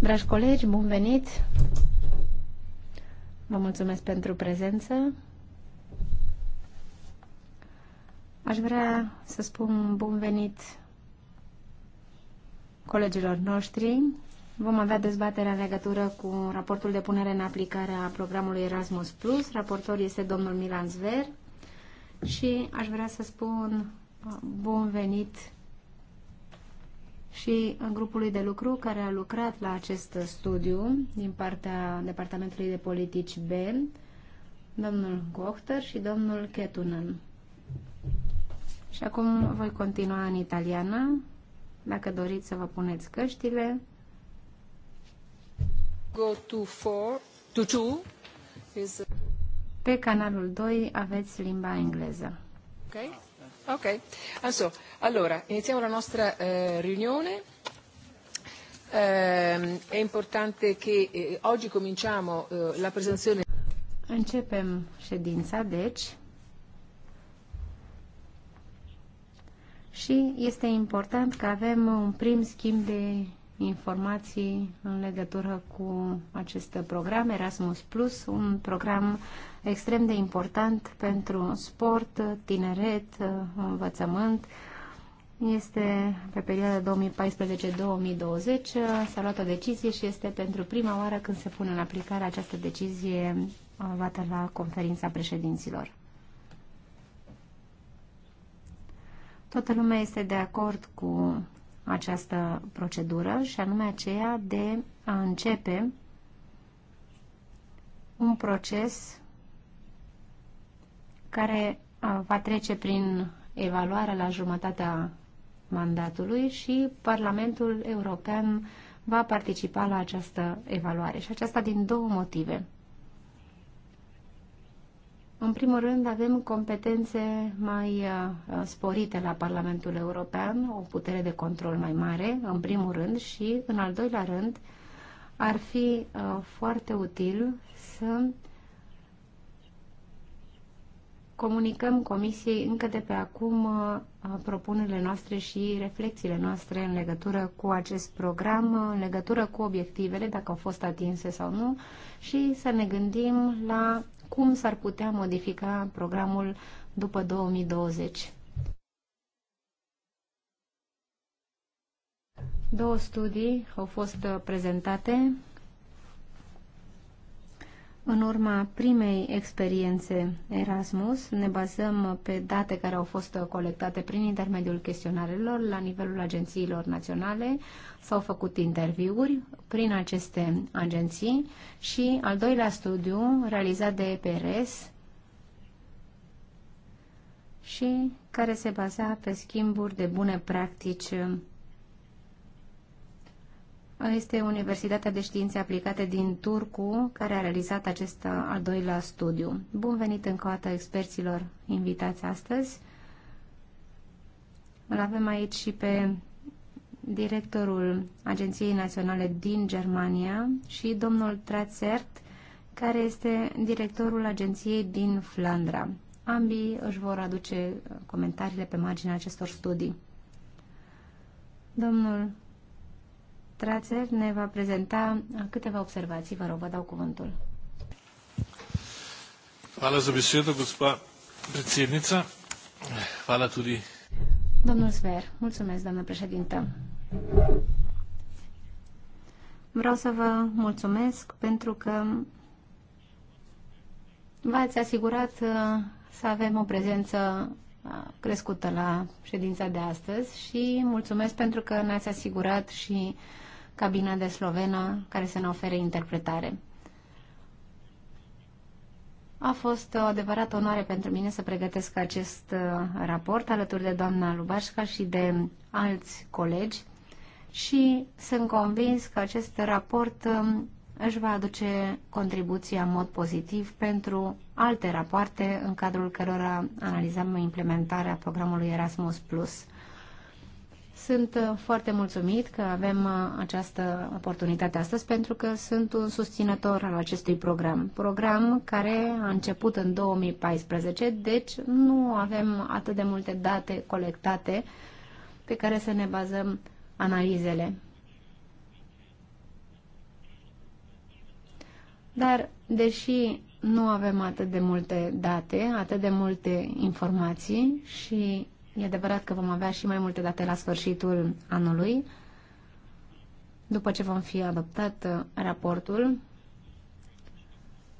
Dragi colegi, bun venit! Vă mulțumesc pentru prezență. Aș vrea să spun bun venit colegilor noștri. Vom avea dezbaterea în legătură cu raportul de punere în aplicare a programului Erasmus+. Plus. Raportor este domnul Milan Zver și aș vrea să spun bun venit și grupului de lucru care a lucrat la acest studiu din partea Departamentului de Politici B, domnul Gochter și domnul Ketunen. Și acum voi continua în italiană, dacă doriți să vă puneți căștile. Go to four, to two. Is... Pe canalul 2 aveți limba engleză. Okay. Ok, also, allora iniziamo la nostra eh, riunione. Eh, è importante che eh, oggi cominciamo eh, la presentazione. Începem ședința, deci. Și este important că avem un prim schimb de informații în legătură cu acest program Erasmus Plus, un program extrem de important pentru sport, tineret, învățământ. Este pe perioada 2014-2020, s-a luat o decizie și este pentru prima oară când se pune în aplicare această decizie luată la conferința președinților. Toată lumea este de acord cu această procedură și anume aceea de a începe un proces care va trece prin evaluare la jumătatea mandatului și Parlamentul European va participa la această evaluare și aceasta din două motive. În primul rând, avem competențe mai uh, sporite la Parlamentul European, o putere de control mai mare, în primul rând, și, în al doilea rând, ar fi uh, foarte util să comunicăm Comisiei încă de pe acum uh, propunerile noastre și reflexiile noastre în legătură cu acest program, în legătură cu obiectivele, dacă au fost atinse sau nu, și să ne gândim la cum s-ar putea modifica programul după 2020. Două studii au fost prezentate în urma primei experiențe Erasmus, ne bazăm pe date care au fost colectate prin intermediul chestionarelor la nivelul agențiilor naționale, s-au făcut interviuri prin aceste agenții și al doilea studiu realizat de EPRS și care se baza pe schimburi de bune practici este Universitatea de Științe Aplicate din Turcu, care a realizat acest uh, al doilea studiu. Bun venit încă o dată experților invitați astăzi. Îl avem aici și pe directorul Agenției Naționale din Germania și domnul Trațert, care este directorul agenției din Flandra. Ambii își vor aduce uh, comentariile pe marginea acestor studii. Domnul Strațer ne va prezenta câteva observații. Vă rog, vă dau cuvântul. Hvala za besedo, gospa predsednica. Hvala tudi. Domnul Sver, mulțumesc, doamnă președintă. Vreau să vă mulțumesc pentru că v-ați asigurat uh, să avem o prezență uh, crescută la ședința de astăzi și mulțumesc pentru că ne-ați asigurat și uh, cabina de slovenă care să ne ofere interpretare. A fost o adevărată onoare pentru mine să pregătesc acest uh, raport alături de doamna Lubașca și de alți colegi și sunt convins că acest raport um, își va aduce contribuția în mod pozitiv pentru alte rapoarte în cadrul cărora analizăm implementarea programului Erasmus+. Sunt uh, foarte mulțumit că avem uh, această oportunitate astăzi pentru că sunt un susținător al acestui program. Program care a început în 2014, deci nu avem atât de multe date colectate pe care să ne bazăm analizele. Dar, deși nu avem atât de multe date, atât de multe informații și E adevărat că vom avea și mai multe date la sfârșitul anului, după ce vom fi adoptat uh, raportul.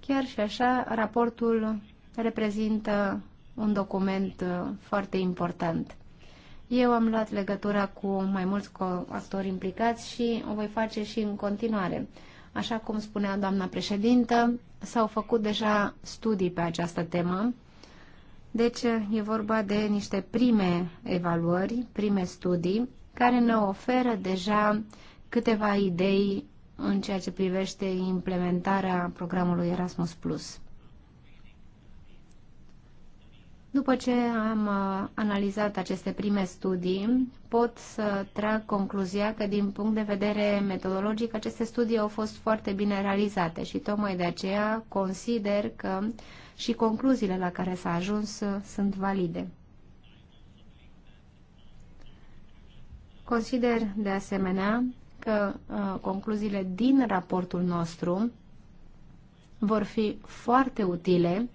Chiar și așa, raportul reprezintă un document uh, foarte important. Eu am luat legătura cu mai mulți actori implicați și o voi face și în continuare. Așa cum spunea doamna președintă, s-au făcut deja studii pe această temă deci e vorba de niște prime evaluări, prime studii, care ne oferă deja câteva idei în ceea ce privește implementarea programului Erasmus+. După ce am uh, analizat aceste prime studii, pot să trag concluzia că din punct de vedere metodologic aceste studii au fost foarte bine realizate și tocmai de aceea consider că uh, și concluziile la care s-a ajuns uh, sunt valide. Consider de asemenea că uh, concluziile din raportul nostru vor fi foarte utile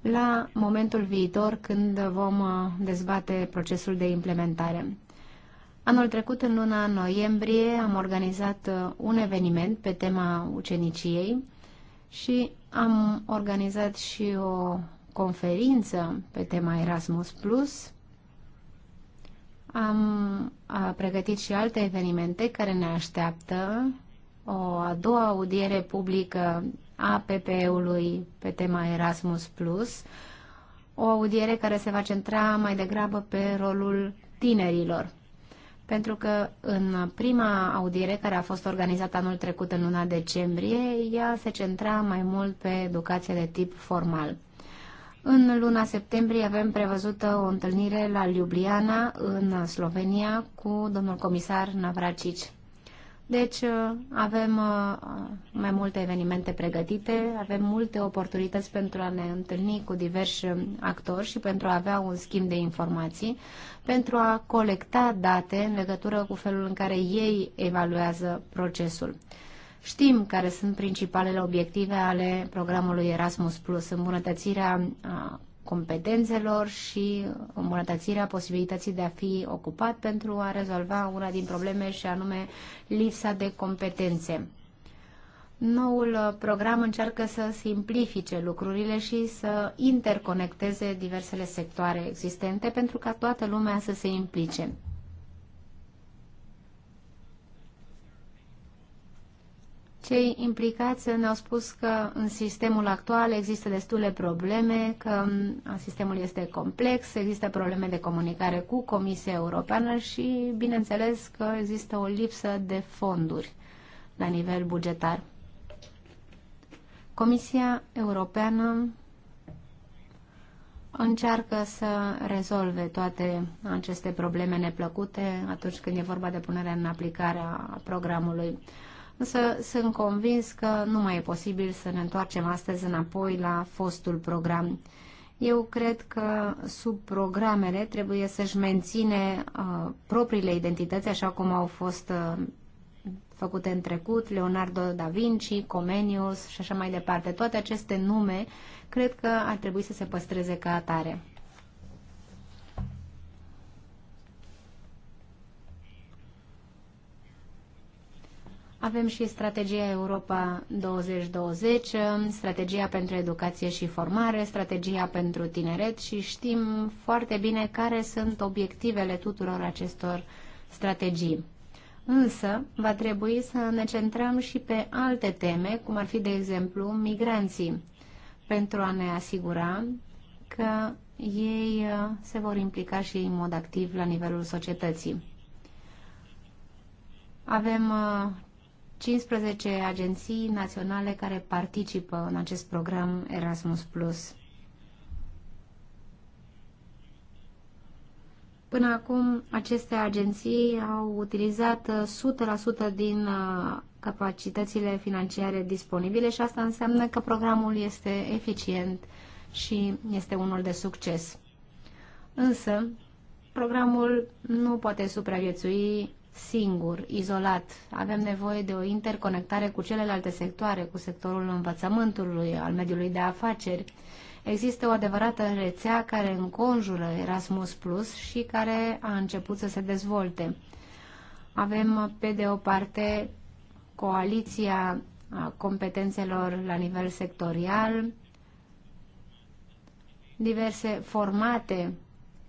la momentul viitor când vom uh, dezbate procesul de implementare. Anul trecut, în luna noiembrie, am organizat un eveniment pe tema uceniciei și am organizat și o conferință pe tema Erasmus Plus. Am pregătit și alte evenimente care ne așteaptă. O a doua audiere publică a PPE-ului pe tema Erasmus Plus, o audiere care se va centra mai degrabă pe rolul tinerilor pentru că în prima audiere care a fost organizată anul trecut în luna decembrie, ea se centra mai mult pe educație de tip formal. În luna septembrie avem prevăzută o întâlnire la Ljubljana, în Slovenia, cu domnul comisar Navracici. Deci uh, avem uh, mai multe evenimente pregătite, avem multe oportunități pentru a ne întâlni cu diversi actori și pentru a avea un schimb de informații, pentru a colecta date în legătură cu felul în care ei evaluează procesul. Știm care sunt principalele obiective ale programului Erasmus+, îmbunătățirea uh, competențelor și îmbunătățirea posibilității de a fi ocupat pentru a rezolva una din probleme și anume lipsa de competențe. Noul program încearcă să simplifice lucrurile și să interconecteze diversele sectoare existente pentru ca toată lumea să se implice. Cei implicați ne-au spus că în sistemul actual există destule probleme, că mm, sistemul este complex, există probleme de comunicare cu Comisia Europeană și, bineînțeles, că există o lipsă de fonduri la nivel bugetar. Comisia Europeană încearcă să rezolve toate aceste probleme neplăcute atunci când e vorba de punerea în aplicare a programului însă sunt convins că nu mai e posibil să ne întoarcem astăzi înapoi la fostul program. Eu cred că sub programele trebuie să-și menține uh, propriile identități, așa cum au fost uh, făcute în trecut, Leonardo da Vinci, Comenius și așa mai departe. Toate aceste nume cred că ar trebui să se păstreze ca atare. Avem și strategia Europa 2020, strategia pentru educație și formare, strategia pentru tineret și știm foarte bine care sunt obiectivele tuturor acestor strategii. Însă, va trebui să ne centrăm și pe alte teme, cum ar fi, de exemplu, migranții, pentru a ne asigura că ei uh, se vor implica și în mod activ la nivelul societății. Avem uh, 15 agenții naționale care participă în acest program Erasmus+. Până acum, aceste agenții au utilizat 100% din uh, capacitățile financiare disponibile și asta înseamnă că programul este eficient și este unul de succes. Însă, programul nu poate supraviețui singur, izolat. Avem nevoie de o interconectare cu celelalte sectoare, cu sectorul învățământului, al mediului de afaceri. Există o adevărată rețea care înconjură Erasmus Plus și care a început să se dezvolte. Avem, pe de o parte, coaliția competențelor la nivel sectorial, diverse formate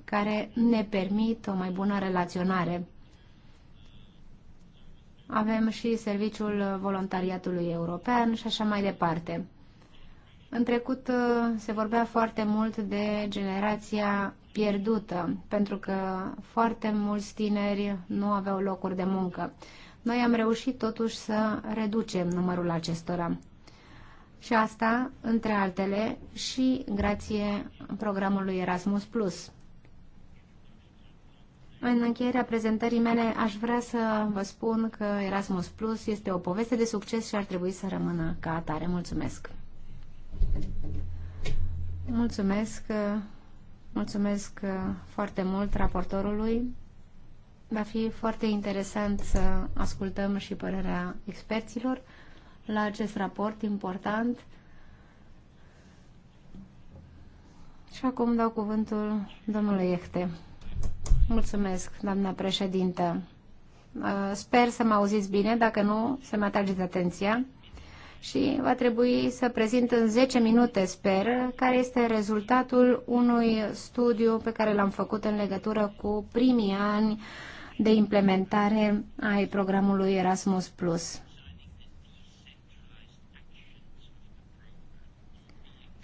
care ne permit o mai bună relaționare avem și Serviciul Voluntariatului European și așa mai departe. În trecut uh, se vorbea foarte mult de generația pierdută, pentru că foarte mulți tineri nu aveau locuri de muncă. Noi am reușit totuși să reducem numărul acestora. Și asta, între altele, și grație programului Erasmus+. În încheierea prezentării mele aș vrea să vă spun că Erasmus Plus este o poveste de succes și ar trebui să rămână ca atare. Mulțumesc! Mulțumesc, mulțumesc foarte mult raportorului. Va fi foarte interesant să ascultăm și părerea experților la acest raport important. Și acum dau cuvântul domnului Ehte. Mulțumesc, doamna președintă. Uh, sper să mă auziți bine, dacă nu, să mă atrageți atenția. Și va trebui să prezint în 10 minute, sper, care este rezultatul unui studiu pe care l-am făcut în legătură cu primii ani de implementare ai programului Erasmus+.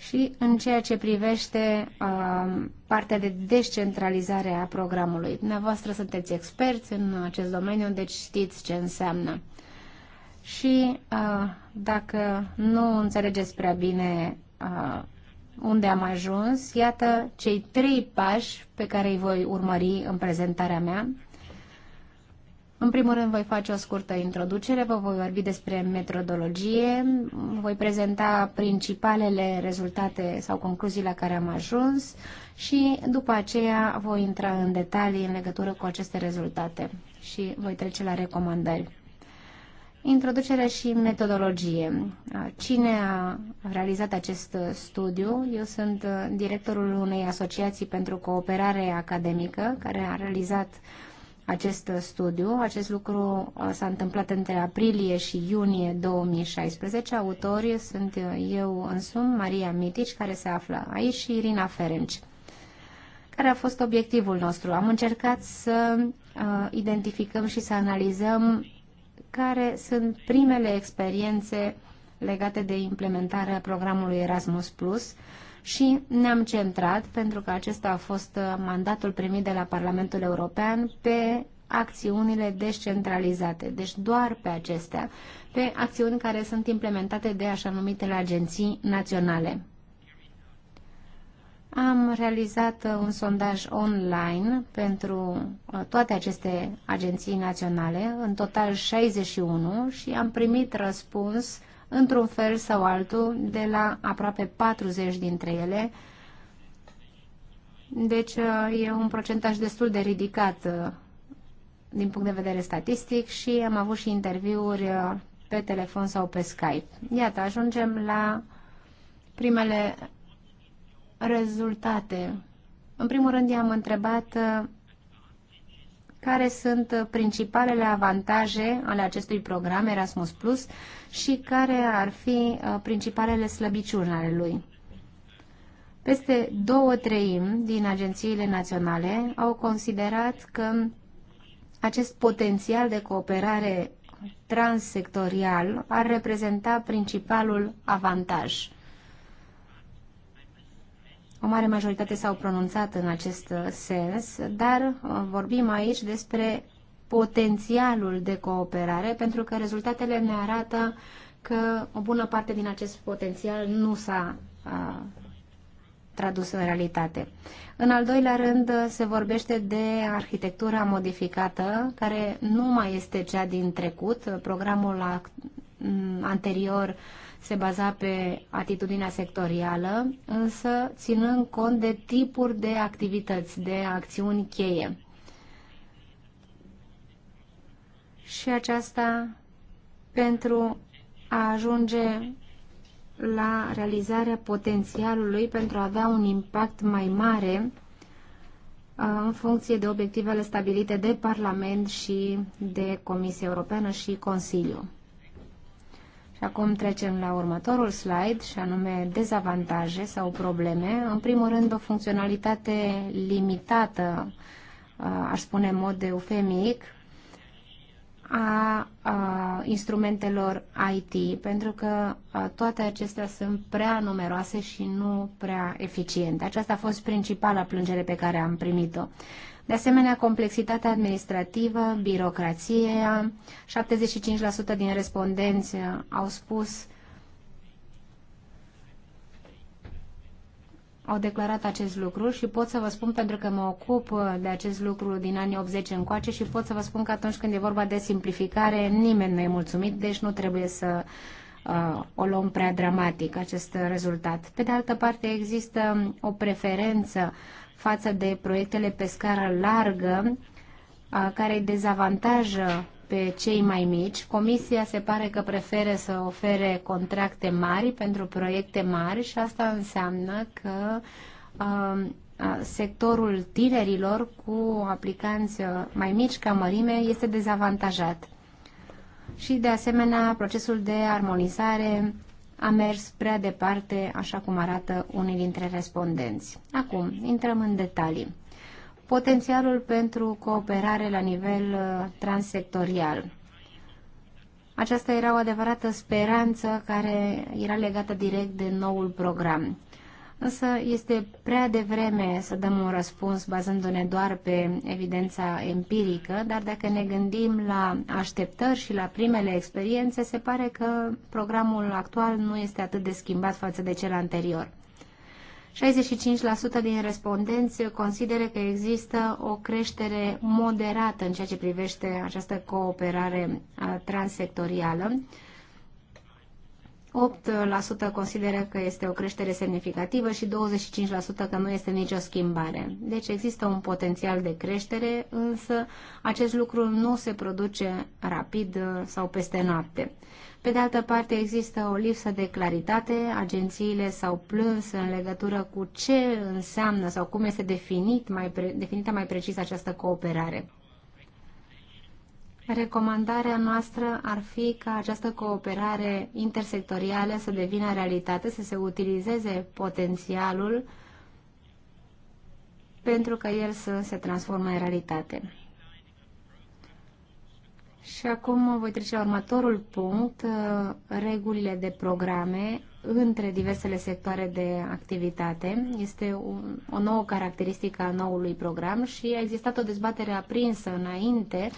și în ceea ce privește uh, partea de descentralizare a programului. Dumneavoastră sunteți experți în acest domeniu, deci știți ce înseamnă. Și uh, dacă nu înțelegeți prea bine uh, unde am ajuns, iată cei trei pași pe care îi voi urmări în prezentarea mea în primul rând voi face o scurtă introducere, vă voi vorbi despre metodologie, voi prezenta principalele rezultate sau concluzii la care am ajuns și după aceea voi intra în detalii în legătură cu aceste rezultate și voi trece la recomandări. Introducere și metodologie. Cine a realizat acest studiu? Eu sunt directorul unei asociații pentru cooperare academică care a realizat uh, acest studiu. Acest lucru uh, s-a întâmplat între aprilie și iunie 2016. Autorii sunt uh, eu însumi, Maria Mitici, care se află aici, și Irina Ferenci. Care a fost obiectivul nostru? Am încercat să uh, identificăm și să analizăm care sunt primele experiențe legate de implementarea programului Erasmus+, și ne-am centrat, pentru că acesta a fost uh, mandatul primit de la Parlamentul European, pe acțiunile descentralizate, deci doar pe acestea, pe acțiuni care sunt implementate de așa numitele agenții naționale. Am realizat uh, un sondaj online pentru uh, toate aceste agenții naționale, în total 61, și am primit răspuns într-un fel sau altul, de la aproape 40 dintre ele. Deci uh, e un procentaj destul de ridicat uh, din punct de vedere statistic și am avut și interviuri uh, pe telefon sau pe Skype. Iată, ajungem la primele rezultate. În primul rând i-am întrebat care sunt principalele avantaje ale acestui program Erasmus Plus și care ar fi uh, principalele slăbiciuni ale lui. Peste două treimi din agențiile naționale au considerat că acest potențial de cooperare transsectorial ar reprezenta principalul avantaj. O mare majoritate s-au pronunțat în acest uh, sens, dar uh, vorbim aici despre potențialul de cooperare, pentru că rezultatele ne arată că o bună parte din acest potențial nu s-a uh, tradus în realitate. În al doilea rând, se vorbește de arhitectura modificată, care nu mai este cea din trecut. Programul mm, anterior uh, se baza pe atitudinea sectorială, însă ținând cont de tipuri de activități, de acțiuni cheie. Și aceasta pentru a ajunge la realizarea potențialului pentru a avea un impact mai mare uh, în funcție de obiectivele stabilite de Parlament și de Comisia Europeană și Consiliu. Și acum trecem la următorul slide, și anume dezavantaje sau probleme. În primul rând, o funcționalitate limitată, uh, aș spune în mod eufemic, a, a instrumentelor IT, pentru că a, uh, toate acestea sunt prea numeroase și nu prea eficiente. Aceasta a fost principala plângere pe care am primit-o. De asemenea, complexitatea administrativă, birocrația, 75% din respondenți au spus au declarat acest lucru și pot să vă spun pentru că mă ocup de acest lucru din anii 80 încoace și pot să vă spun că atunci când e vorba de simplificare, nimeni nu e mulțumit, deci nu trebuie să uh, uh, o luăm prea dramatic acest rezultat. Pe de altă parte, există o preferență față de proiectele pe scară largă uh, care dezavantajă pe cei mai mici. Comisia se pare că preferă să ofere contracte mari pentru proiecte mari și asta înseamnă că uh, sectorul tinerilor cu aplicanți mai mici ca mărime este dezavantajat și, de asemenea, procesul de armonizare a mers prea departe, așa cum arată unii dintre respondenți. Acum, intrăm în detalii. Potențialul pentru cooperare la nivel uh, transsectorial. Aceasta era o adevărată speranță care era legată direct de noul program însă este prea devreme să dăm un răspuns bazându-ne doar pe evidența empirică, dar dacă ne gândim la așteptări și la primele experiențe, se pare că programul actual nu este atât de schimbat față de cel anterior. 65% din respondenți consideră că există o creștere moderată în ceea ce privește această cooperare transsectorială 8% consideră că este o creștere semnificativă și 25% că nu este nicio schimbare. Deci există un potențial de creștere, însă acest lucru nu se produce rapid uh, sau peste noapte. Pe de altă parte, există o lipsă de claritate. Agențiile s-au plâns în legătură cu ce înseamnă sau cum este definit mai pre, definită mai precis această cooperare. Recomandarea noastră ar fi ca această cooperare intersectorială să devină realitate, să se utilizeze potențialul pentru ca el să se transforme în realitate. Și acum voi trece la următorul punct, uh, regulile de programe între diversele sectoare de activitate. Este o, nouă caracteristică a noului program și a existat o dezbatere aprinsă înainte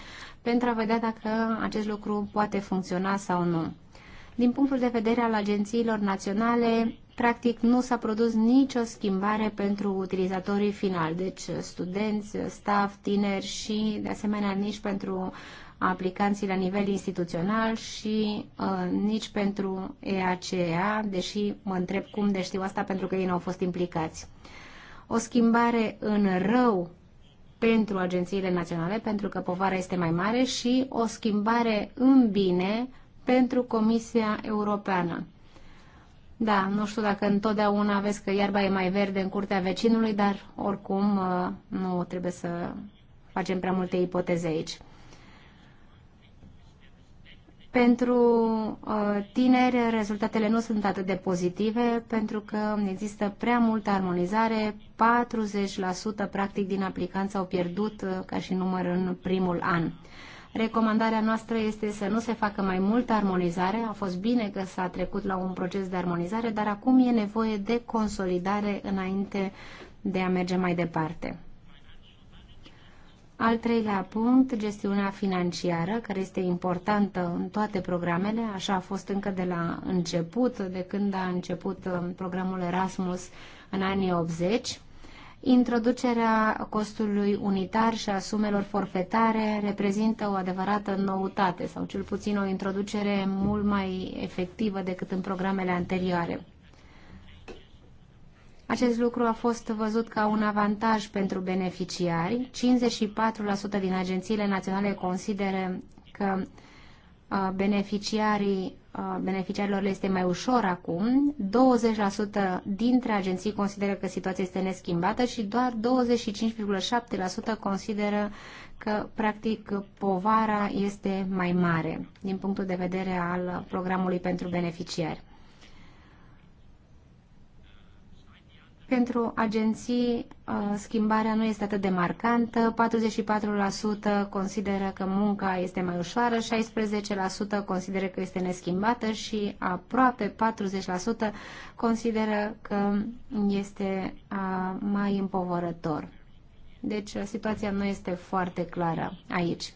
pentru a vedea dacă acest lucru poate funcționa sau nu. Din punctul de vedere al agențiilor naționale, practic nu s-a produs nicio schimbare pentru utilizatorii finali, deci studenți, staff, tineri și de asemenea nici pentru aplicanții la nivel instituțional și uh, nici pentru EACEA, deși mă întreb cum de știu asta pentru că ei nu au fost implicați. O schimbare în rău pentru agențiile naționale, pentru că povara este mai mare, și o schimbare în bine pentru Comisia Europeană. Da, nu știu dacă întotdeauna vezi că iarba e mai verde în curtea vecinului, dar oricum uh, nu trebuie să facem prea multe ipoteze aici. Pentru uh, tineri, rezultatele nu sunt atât de pozitive pentru că există prea multă armonizare. 40% practic din aplicanți au pierdut uh, ca și număr în primul an. Recomandarea noastră este să nu se facă mai multă armonizare. A fost bine că s-a trecut la un proces de armonizare, dar acum e nevoie de consolidare înainte de a merge mai departe. Al treilea punct, gestiunea financiară, care este importantă în toate programele, așa a fost încă de la început, de când a început um, programul Erasmus în anii 80, Introducerea costului unitar și a sumelor forfetare reprezintă o adevărată noutate sau cel puțin o introducere mult mai efectivă decât în programele anterioare. Acest lucru a fost văzut ca un avantaj pentru beneficiari. 54% din agențiile naționale consideră că uh, beneficiarii, uh, beneficiarilor le este mai ușor acum, 20% dintre agenții consideră că situația este neschimbată și doar 25,7% consideră că, practic, povara este mai mare din punctul de vedere al programului pentru beneficiari. Pentru agenții, uh, schimbarea nu este atât de marcantă. 44% consideră că munca este mai ușoară, 16% consideră că este neschimbată și aproape 40% consideră că este uh, mai împovărător. Deci uh, situația nu este foarte clară aici.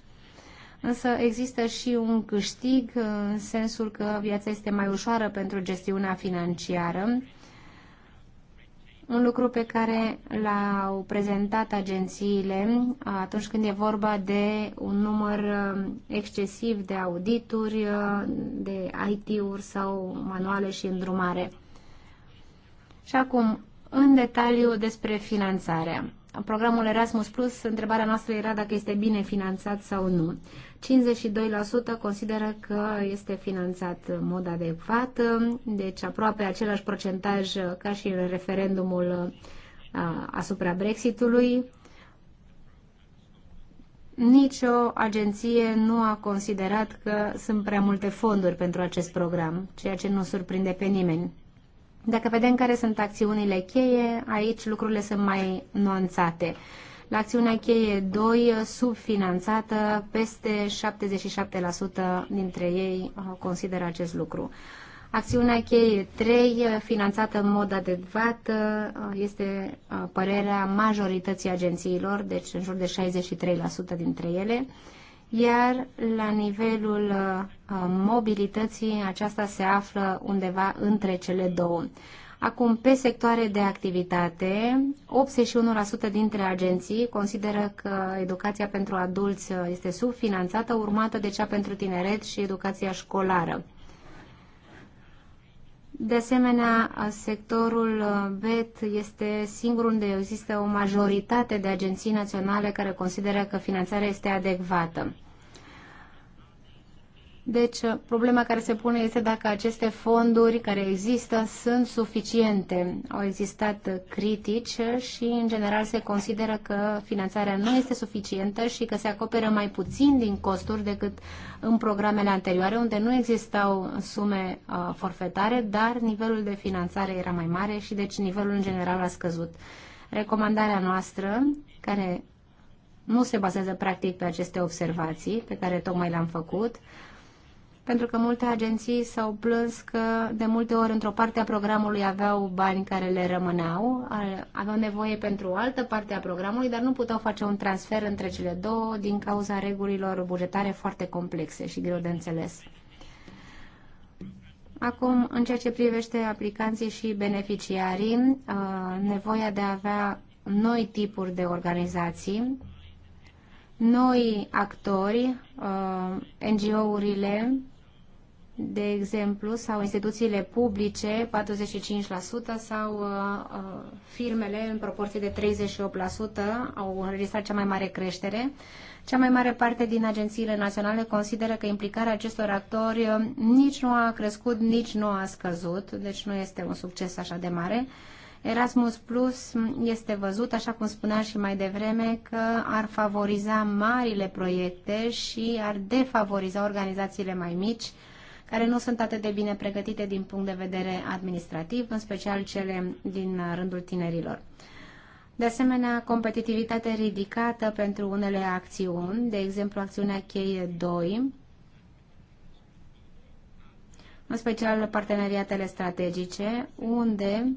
Însă există și un câștig în sensul că viața este mai ușoară pentru gestiunea financiară un lucru pe care l-au prezentat agențiile atunci când e vorba de un număr uh, excesiv de audituri, uh, de IT-uri sau manuale și îndrumare. Și acum, în detaliu despre finanțarea. Programul Erasmus Plus, întrebarea noastră era dacă este bine finanțat sau nu. 52% consideră că este finanțat în mod adecvat, deci aproape același procentaj ca și în referendumul asupra Brexitului. Nicio agenție nu a considerat că sunt prea multe fonduri pentru acest program, ceea ce nu surprinde pe nimeni. Dacă vedem care sunt acțiunile cheie, aici lucrurile sunt mai nuanțate la acțiunea cheie 2, subfinanțată, peste 77% dintre ei uh, consideră acest lucru. Acțiunea cheie 3, finanțată în mod adecvat, uh, este uh, părerea majorității agențiilor, deci în jur de 63% dintre ele, iar la nivelul mobilității aceasta se află undeva între cele două. Acum, pe sectoare de activitate, 81% dintre agenții consideră că educația pentru adulți este subfinanțată, urmată de cea pentru tineret și educația școlară. De asemenea, sectorul BET este singurul unde există o majoritate de agenții naționale care consideră că finanțarea este adecvată. Deci, uh, problema care se pune este dacă aceste fonduri care există sunt suficiente. Au existat uh, critici și, în general, se consideră că finanțarea nu este suficientă și că se acoperă mai puțin din costuri decât în programele anterioare, unde nu existau sume uh, forfetare, dar nivelul de finanțare era mai mare și, deci, nivelul în general a scăzut. Recomandarea noastră, care nu se bazează practic pe aceste observații pe care tocmai le-am făcut, pentru că multe agenții s-au plâns că de multe ori într-o parte a programului aveau bani care le rămâneau, aveau nevoie pentru o altă parte a programului, dar nu puteau face un transfer între cele două din cauza regulilor bugetare foarte complexe și greu de înțeles. Acum, în ceea ce privește aplicanții și beneficiarii, nevoia de a avea noi tipuri de organizații, noi actori, NGO-urile de exemplu, sau instituțiile publice, 45%, sau uh, uh, firmele, în proporție de 38%, au înregistrat cea mai mare creștere. Cea mai mare parte din agențiile naționale consideră că implicarea acestor actori uh, nici nu a crescut, nici nu a scăzut, deci nu este un succes așa de mare. Erasmus Plus este văzut, așa cum spuneam și mai devreme, că ar favoriza marile proiecte și ar defavoriza organizațiile mai mici, care nu sunt atât de bine pregătite din punct de vedere administrativ, în special cele din rândul tinerilor. De asemenea, competitivitate ridicată pentru unele acțiuni, de exemplu acțiunea cheie 2, în special parteneriatele strategice, unde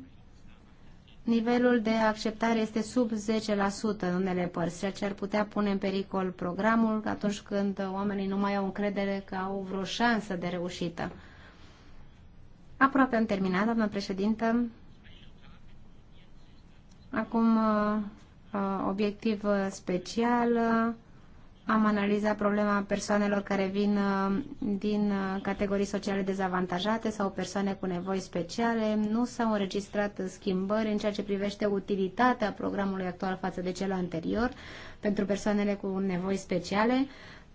nivelul de acceptare este sub 10% în unele părți, ceea ce ar putea pune în pericol programul atunci când oamenii nu mai au încredere că au vreo șansă de reușită. Aproape am terminat, doamnă președintă. Acum, uh, uh, obiectiv special, am analizat problema persoanelor care vin uh, din uh, categorii sociale dezavantajate sau persoane cu nevoi speciale. Nu s-au înregistrat schimbări în ceea ce privește utilitatea programului actual față de cel anterior pentru persoanele cu nevoi speciale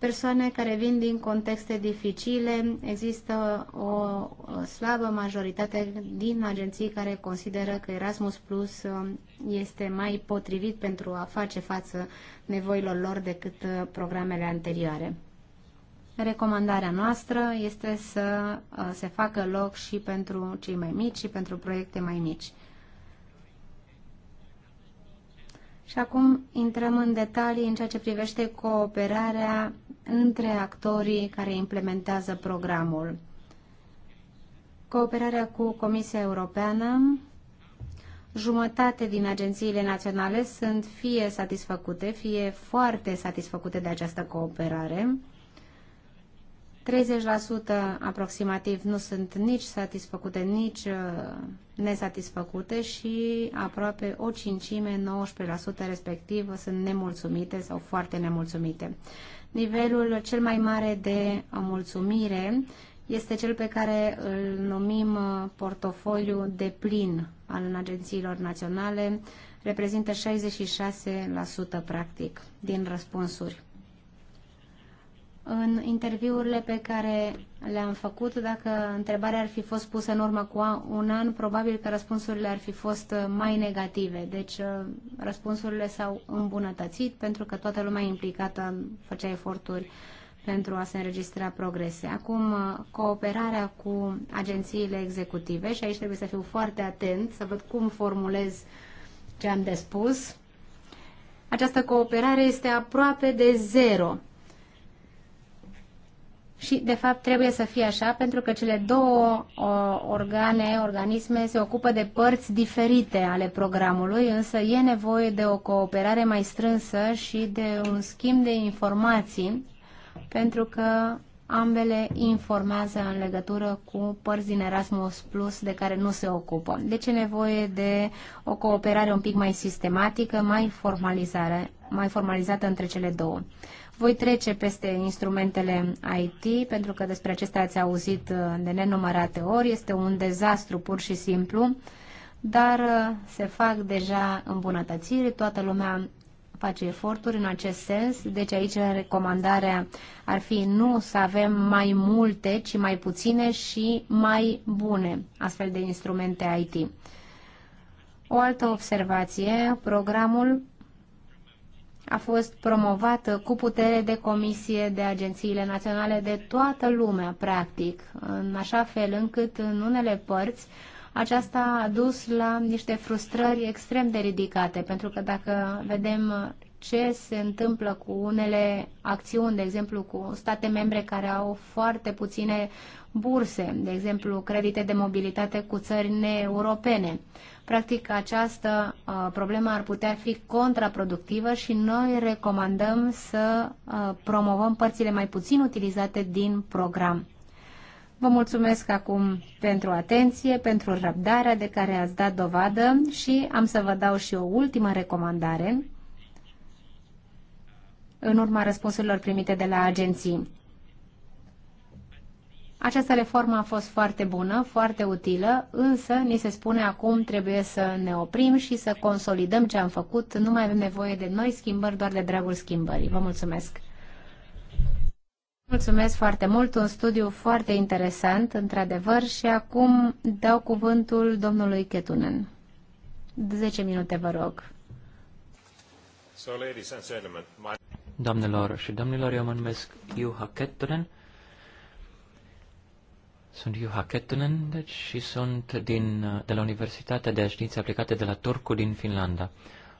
persoane care vin din contexte dificile. Există o slabă majoritate din agenții care consideră că Erasmus Plus um, este mai potrivit pentru a face față nevoilor lor decât uh, programele anterioare. Recomandarea noastră este să uh, se facă loc și pentru cei mai mici și pentru proiecte mai mici. Și acum intrăm în detalii în ceea ce privește cooperarea între actorii care implementează programul. Cooperarea cu Comisia Europeană, jumătate din agențiile naționale sunt fie satisfăcute, fie foarte satisfăcute de această cooperare. 30% aproximativ nu sunt nici satisfăcute, nici uh, nesatisfăcute și aproape o cincime, 19% respectiv, sunt nemulțumite sau foarte nemulțumite. Nivelul cel mai mare de mulțumire este cel pe care îl numim uh, portofoliu de plin al agențiilor naționale, reprezintă 66% practic din răspunsuri. În interviurile pe care le-am făcut, dacă întrebarea ar fi fost pusă în urmă cu un an, probabil că răspunsurile ar fi fost uh, mai negative. Deci uh, răspunsurile s-au îmbunătățit pentru că toată lumea implicată făcea eforturi pentru a se înregistra progrese. Acum, uh, cooperarea cu agențiile executive și aici trebuie să fiu foarte atent, să văd cum formulez ce am de spus. Această cooperare este aproape de zero și, de fapt, trebuie să fie așa pentru că cele două organe, organisme, se ocupă de părți diferite ale programului, însă e nevoie de o cooperare mai strânsă și de un schimb de informații, pentru că ambele informează în legătură cu părți din Erasmus Plus de care nu se ocupă. Deci e nevoie de o cooperare un pic mai sistematică, mai, formalizare, mai formalizată între cele două. Voi trece peste instrumentele IT, pentru că despre acestea ați auzit uh, de nenumărate ori. Este un dezastru pur și simplu, dar uh, se fac deja îmbunătățiri. Toată lumea face eforturi în acest sens. Deci aici recomandarea ar fi nu să avem mai multe, ci mai puține și mai bune astfel de instrumente IT. O altă observație, programul a fost promovată cu putere de comisie de agențiile naționale de toată lumea, practic, în așa fel încât în unele părți aceasta a dus la niște frustrări extrem de ridicate, pentru că dacă vedem ce se întâmplă cu unele acțiuni, de exemplu cu state membre care au foarte puține burse, de exemplu credite de mobilitate cu țări neeuropene, europene Practic, această uh, problemă ar putea fi contraproductivă și noi recomandăm să uh, promovăm părțile mai puțin utilizate din program. Vă mulțumesc acum pentru atenție, pentru răbdarea de care ați dat dovadă și am să vă dau și o ultimă recomandare în urma răspunsurilor primite de la agenții. Această reformă a fost foarte bună, foarte utilă, însă ni se spune acum trebuie să ne oprim și să consolidăm ce am făcut. Nu mai avem nevoie de noi schimbări, doar de dragul schimbării. Vă mulțumesc! Mulțumesc foarte mult, un studiu foarte interesant, într-adevăr, și acum dau cuvântul domnului Chetunen. 10 minute, vă rog. Doamnelor și domnilor, eu mă numesc Iuha Chetunen. Sunt Juha Kettunen, deci, și sunt din, de la Universitatea de Științe Aplicate de la Turcu din Finlanda.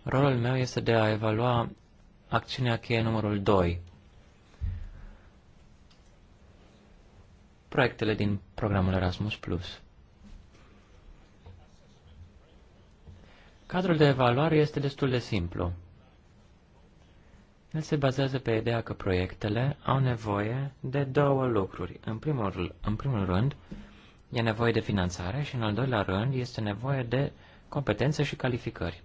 Rolul meu este de a evalua acțiunea cheie numărul 2. Proiectele din programul Erasmus+. Cadrul de evaluare este destul de simplu. El se bazează pe ideea că proiectele au nevoie de două lucruri. În primul, în primul rând, e nevoie de finanțare și, în al doilea rând, este nevoie de competențe și calificări.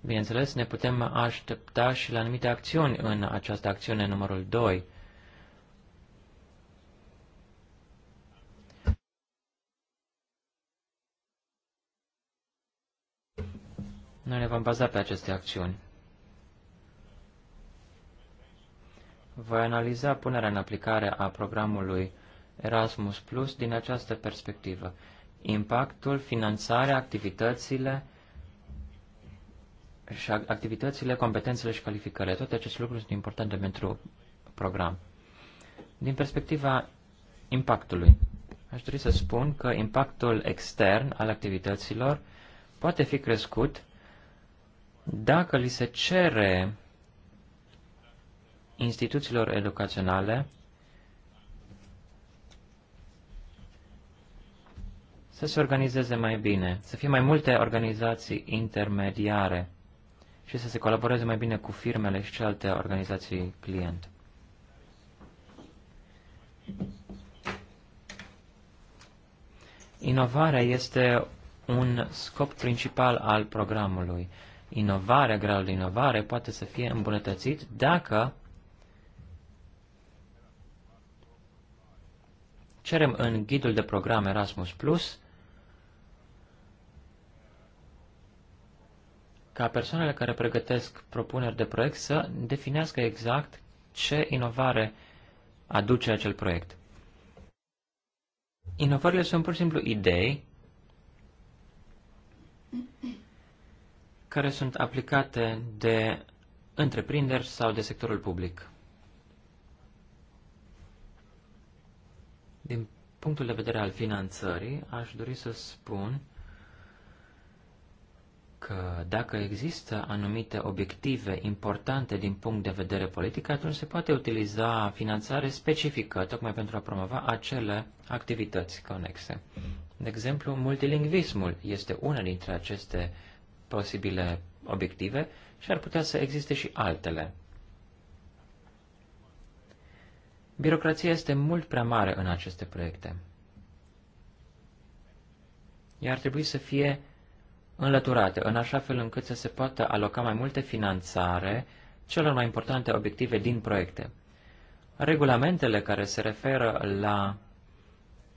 Bineînțeles, ne putem aștepta și la anumite acțiuni în această acțiune numărul 2, Noi ne vom baza pe aceste acțiuni. Voi analiza punerea în aplicare a programului Erasmus Plus din această perspectivă. Impactul, finanțarea, activitățile și activitățile, competențele și calificările. Toate aceste lucruri sunt importante pentru program. Din perspectiva impactului, aș dori să spun că impactul extern al activităților poate fi crescut dacă li se cere instituțiilor educaționale să se organizeze mai bine, să fie mai multe organizații intermediare și să se colaboreze mai bine cu firmele și celelalte organizații client. Inovarea este un scop principal al programului inovare, gradul de inovare poate să fie îmbunătățit dacă cerem în ghidul de program Erasmus Plus ca persoanele care pregătesc propuneri de proiect să definească exact ce inovare aduce acel proiect. Inovările sunt pur și simplu idei care sunt aplicate de întreprinderi sau de sectorul public. Din punctul de vedere al finanțării, aș dori să spun că dacă există anumite obiective importante din punct de vedere politic, atunci se poate utiliza finanțare specifică tocmai pentru a promova acele activități conexe. De exemplu, multilingvismul este una dintre aceste uh, posibile obiective și ar putea să existe și altele. Birocrația este mult prea mare în aceste proiecte. Ea ar trebui să fie înlăturată, în așa fel încât să se poată aloca mai multe finanțare celor mai importante obiective din proiecte. Regulamentele care se referă la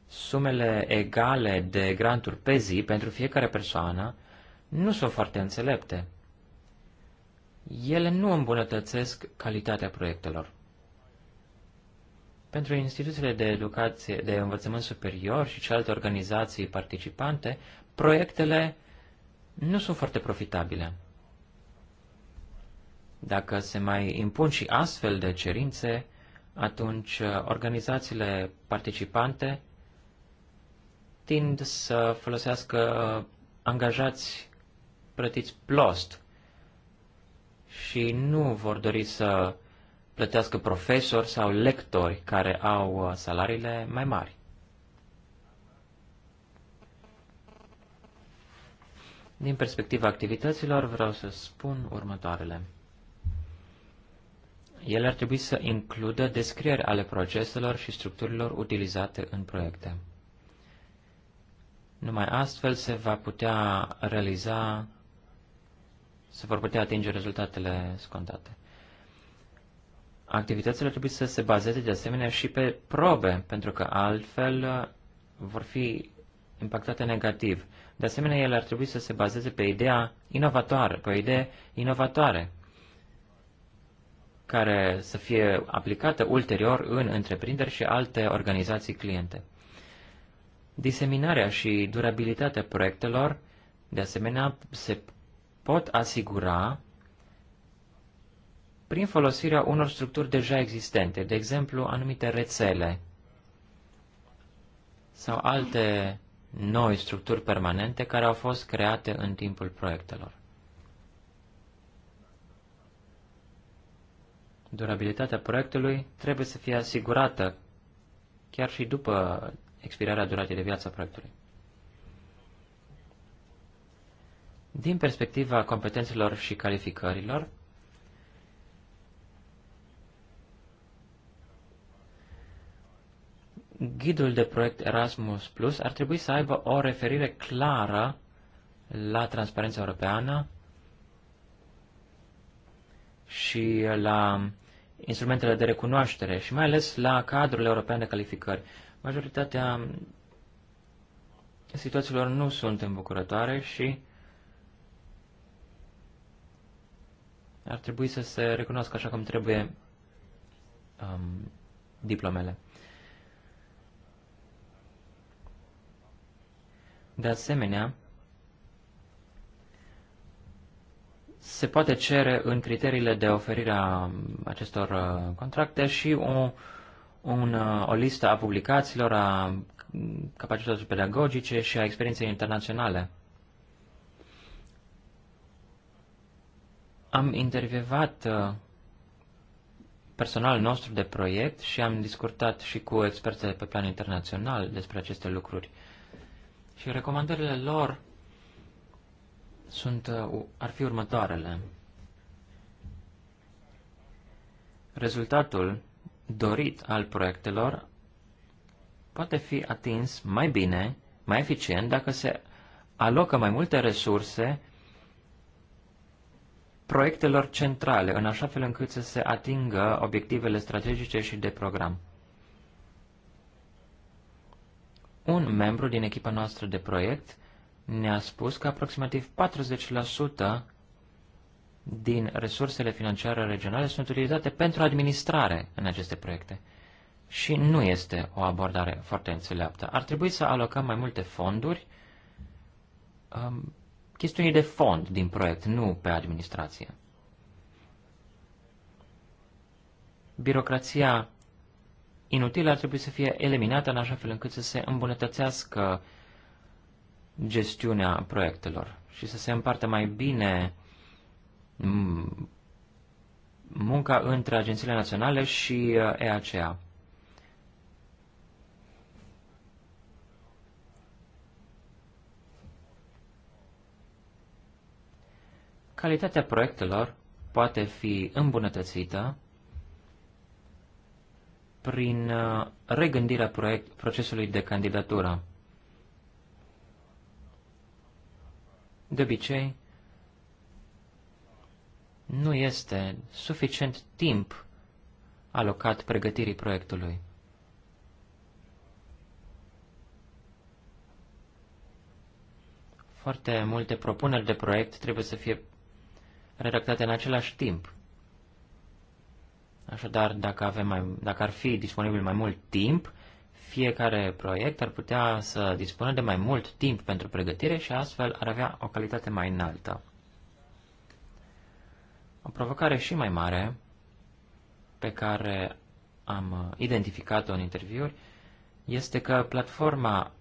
sumele egale de granturi pe zi pentru fiecare persoană nu sunt foarte înțelepte. Ele nu îmbunătățesc calitatea proiectelor. Pentru instituțiile de educație, de învățământ superior și celelalte organizații participante, proiectele nu sunt foarte profitabile. Dacă se mai impun și astfel de cerințe, atunci uh, organizațiile participante tind să folosească angajați plătiți prost și nu vor dori să plătească profesori sau lectori care au uh, salariile mai mari. Din perspectiva activităților, vreau să spun următoarele. Ele ar trebui să includă descrieri ale proceselor și structurilor utilizate în proiecte. Numai astfel se va putea realiza se vor putea atinge rezultatele scontate. Activitățile trebuie să se bazeze de asemenea și pe probe, pentru că altfel uh, vor fi impactate negativ. De asemenea, ele ar trebui să se bazeze pe ideea inovatoare, pe o idee inovatoare, care să fie aplicată ulterior în întreprinderi și alte organizații cliente. Diseminarea și durabilitatea proiectelor, de asemenea, se pot asigura prin folosirea unor structuri deja existente, de exemplu anumite rețele sau alte noi structuri permanente care au fost create în timpul proiectelor. Durabilitatea proiectului trebuie să fie asigurată chiar și după expirarea duratei de viață a proiectului. Din perspectiva competențelor și calificărilor, ghidul de proiect Erasmus Plus ar trebui să aibă o referire clară la transparența europeană și la instrumentele de recunoaștere și mai ales la cadrul european de calificări. Majoritatea situațiilor nu sunt îmbucurătoare și ar trebui să se recunoască așa cum trebuie um, diplomele. De asemenea, se poate cere în criteriile de oferire a acestor uh, contracte și o, un, uh, o listă a publicațiilor, a capacităților pedagogice și a experienței internaționale Am intervievat uh, personalul nostru de proiect și am discutat și cu experții pe plan internațional despre aceste lucruri. Și recomandările lor sunt, uh, ar fi următoarele. Rezultatul dorit al proiectelor poate fi atins mai bine, mai eficient, dacă se alocă mai multe resurse proiectelor centrale, în așa fel încât să se atingă obiectivele strategice și de program. Un membru din echipa noastră de proiect ne-a spus că aproximativ 40% din resursele financiare regionale sunt utilizate pentru administrare în aceste proiecte. Și nu este o abordare foarte înțeleaptă. Ar trebui să alocăm mai multe fonduri um, chestiunii de fond din proiect, nu pe administrație. Birocrația inutilă ar trebui să fie eliminată în așa fel încât să se îmbunătățească gestiunea proiectelor și să se împartă mai bine mm, munca între agențiile naționale și uh, EACA. calitatea proiectelor poate fi îmbunătățită prin uh, regândirea proiect, procesului de candidatură. De obicei, nu este suficient timp alocat pregătirii proiectului. Foarte multe propuneri de proiect trebuie să fie redactate în același timp. Așadar, dacă, avem mai, dacă ar fi disponibil mai mult timp, fiecare proiect ar putea să dispună de mai mult timp pentru pregătire și astfel ar avea o calitate mai înaltă. O provocare și mai mare pe care am identificat-o în interviuri este că platforma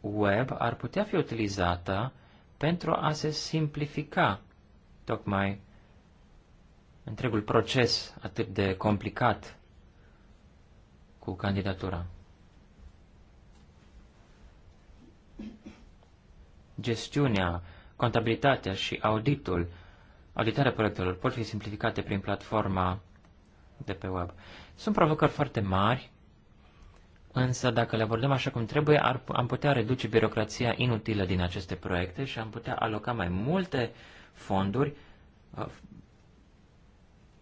web ar putea fi utilizată pentru a se simplifica tocmai întregul proces atât de complicat cu candidatura. Gestiunea, contabilitatea și auditul, auditarea proiectelor pot fi simplificate prin platforma de pe web. Sunt provocări foarte mari, însă dacă le abordăm așa cum trebuie, ar, am putea reduce birocrația inutilă din aceste proiecte și am putea aloca mai multe uh, fonduri uh,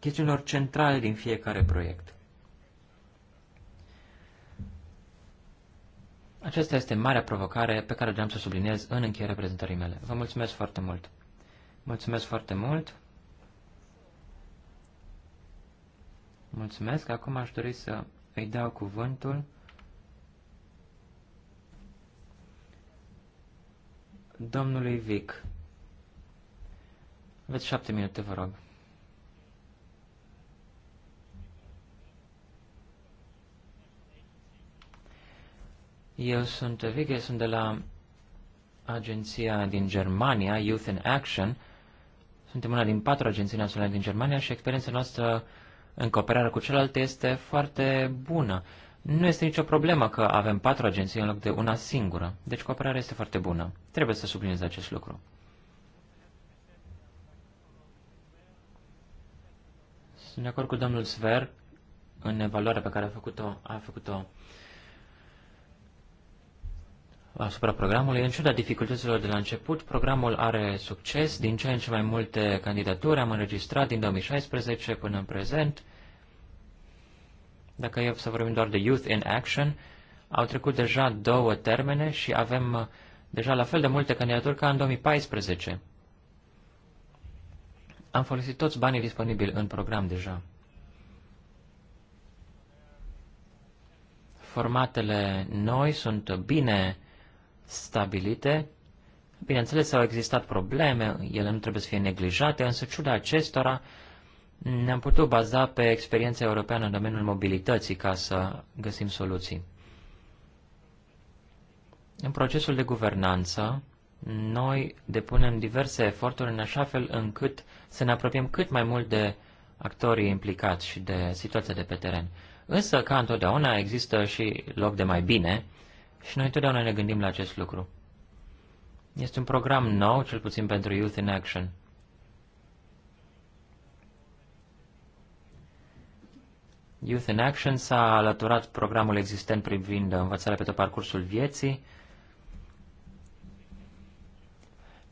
chestiunilor centrale din fiecare proiect. Aceasta este marea provocare pe care vreau să subliniez în încheierea prezentării mele. Vă mulțumesc foarte mult! Mulțumesc foarte mult! Mulțumesc! Acum aș dori să îi dau cuvântul domnului Vic. Aveți șapte minute, vă rog. Eu sunt Vige, sunt de la agenția din Germania, Youth in Action. Suntem una din patru agenții naționale din Germania și experiența noastră în cooperare cu celelalte este foarte bună. Nu este nicio problemă că avem patru agenții în loc de una singură, deci cooperarea este foarte bună. Trebuie să subliniez acest lucru. Sunt de acord cu domnul Sver în evaluarea pe care a făcut-o, a făcut-o asupra programului. În ciuda dificultăților de la început, programul are succes. Din ce în ce mai multe candidaturi am înregistrat din 2016 până în prezent. Dacă eu să vorbim doar de Youth in Action, au trecut deja două termene și avem deja la fel de multe candidaturi ca în 2014. Am folosit toți banii disponibili în program deja. Formatele noi sunt bine stabilite. Bineînțeles, au existat probleme, ele nu trebuie să fie neglijate, însă ciuda acestora ne-am putut baza pe experiența europeană în domeniul mobilității ca să găsim soluții. În procesul de guvernanță, noi depunem diverse eforturi în așa fel încât să ne apropiem cât mai mult de actorii implicați și de situația de pe teren. Însă, ca întotdeauna, există și loc de mai bine și noi întotdeauna ne gândim la acest lucru. Este un program nou, cel puțin pentru Youth in Action. Youth in Action s-a alăturat programul existent privind învățarea pe tot parcursul vieții,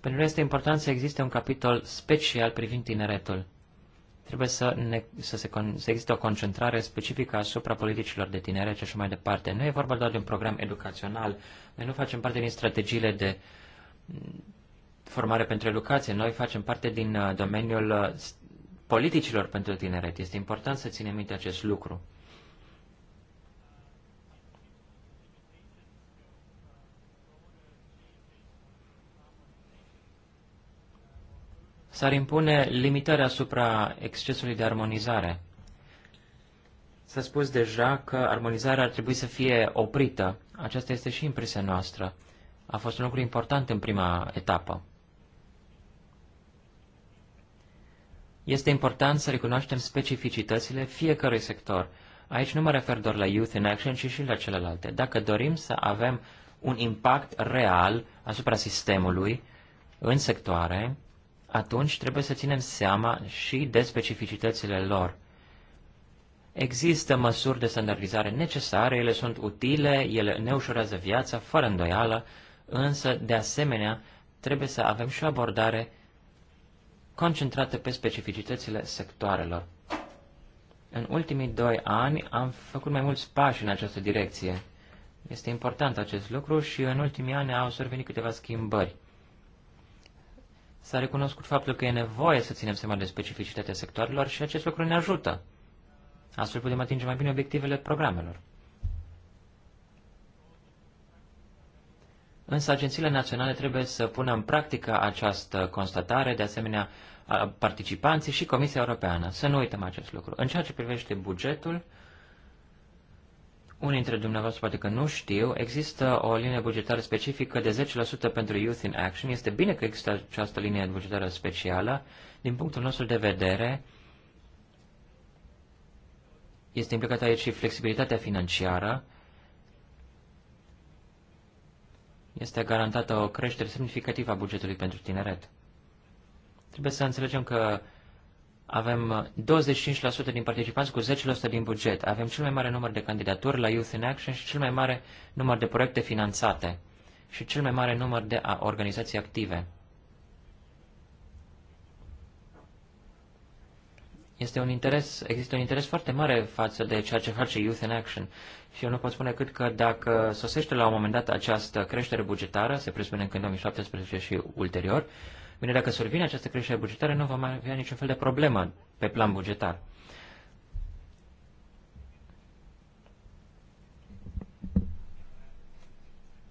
Pentru noi este important să existe un capitol special privind tineretul. Trebuie să, ne, să, se, să existe o concentrare specifică asupra politicilor de tinere și așa mai departe. Nu e vorba doar de un program educațional. Noi nu facem parte din strategiile de formare pentru educație. Noi facem parte din uh, domeniul uh, politicilor pentru tineret. Este important să ținem minte acest lucru. s-ar impune limitări asupra excesului de armonizare. S-a spus deja că armonizarea ar trebui să fie oprită. Aceasta este și impresia noastră. A fost un lucru important în prima etapă. Este important să recunoaștem specificitățile fiecărui sector. Aici nu mă refer doar la Youth in Action, ci și la celelalte. Dacă dorim să avem un impact real asupra sistemului, în sectoare, atunci trebuie să ținem seama și de specificitățile lor. Există măsuri de standardizare necesare, ele sunt utile, ele ne ușurează viața, fără îndoială, însă, de asemenea, trebuie să avem și o abordare concentrată pe specificitățile sectoarelor. În ultimii doi ani am făcut mai mulți pași în această direcție. Este important acest lucru și în ultimii ani au survenit câteva schimbări. S-a recunoscut faptul că e nevoie să ținem seama de specificitatea sectoarelor și acest lucru ne ajută. Astfel putem atinge mai bine obiectivele programelor. Însă agențiile naționale trebuie să pună în practică această constatare, de asemenea participanții și Comisia Europeană. Să nu uităm acest lucru. În ceea ce privește bugetul, unii dintre dumneavoastră poate că nu știu, există o linie bugetară specifică de 10% pentru Youth in Action. Este bine că există această linie bugetară specială. Din punctul nostru de vedere, este implicată aici și flexibilitatea financiară. Este garantată o creștere semnificativă a bugetului pentru tineret. Trebuie să înțelegem că avem 25% uh, din participanți cu 10% din buget. Avem cel mai mare număr de candidaturi la Youth in Action și cel mai mare număr de proiecte finanțate și cel mai mare număr de organizații active. Este un interes, există un interes foarte mare față de ceea ce face Youth in Action și eu nu pot spune cât că dacă sosește la un moment dat această creștere bugetară, se presupune că în 2017 și ulterior, uh, Bine, dacă survine această creștere bugetară, nu vom avea niciun fel de problemă pe plan bugetar.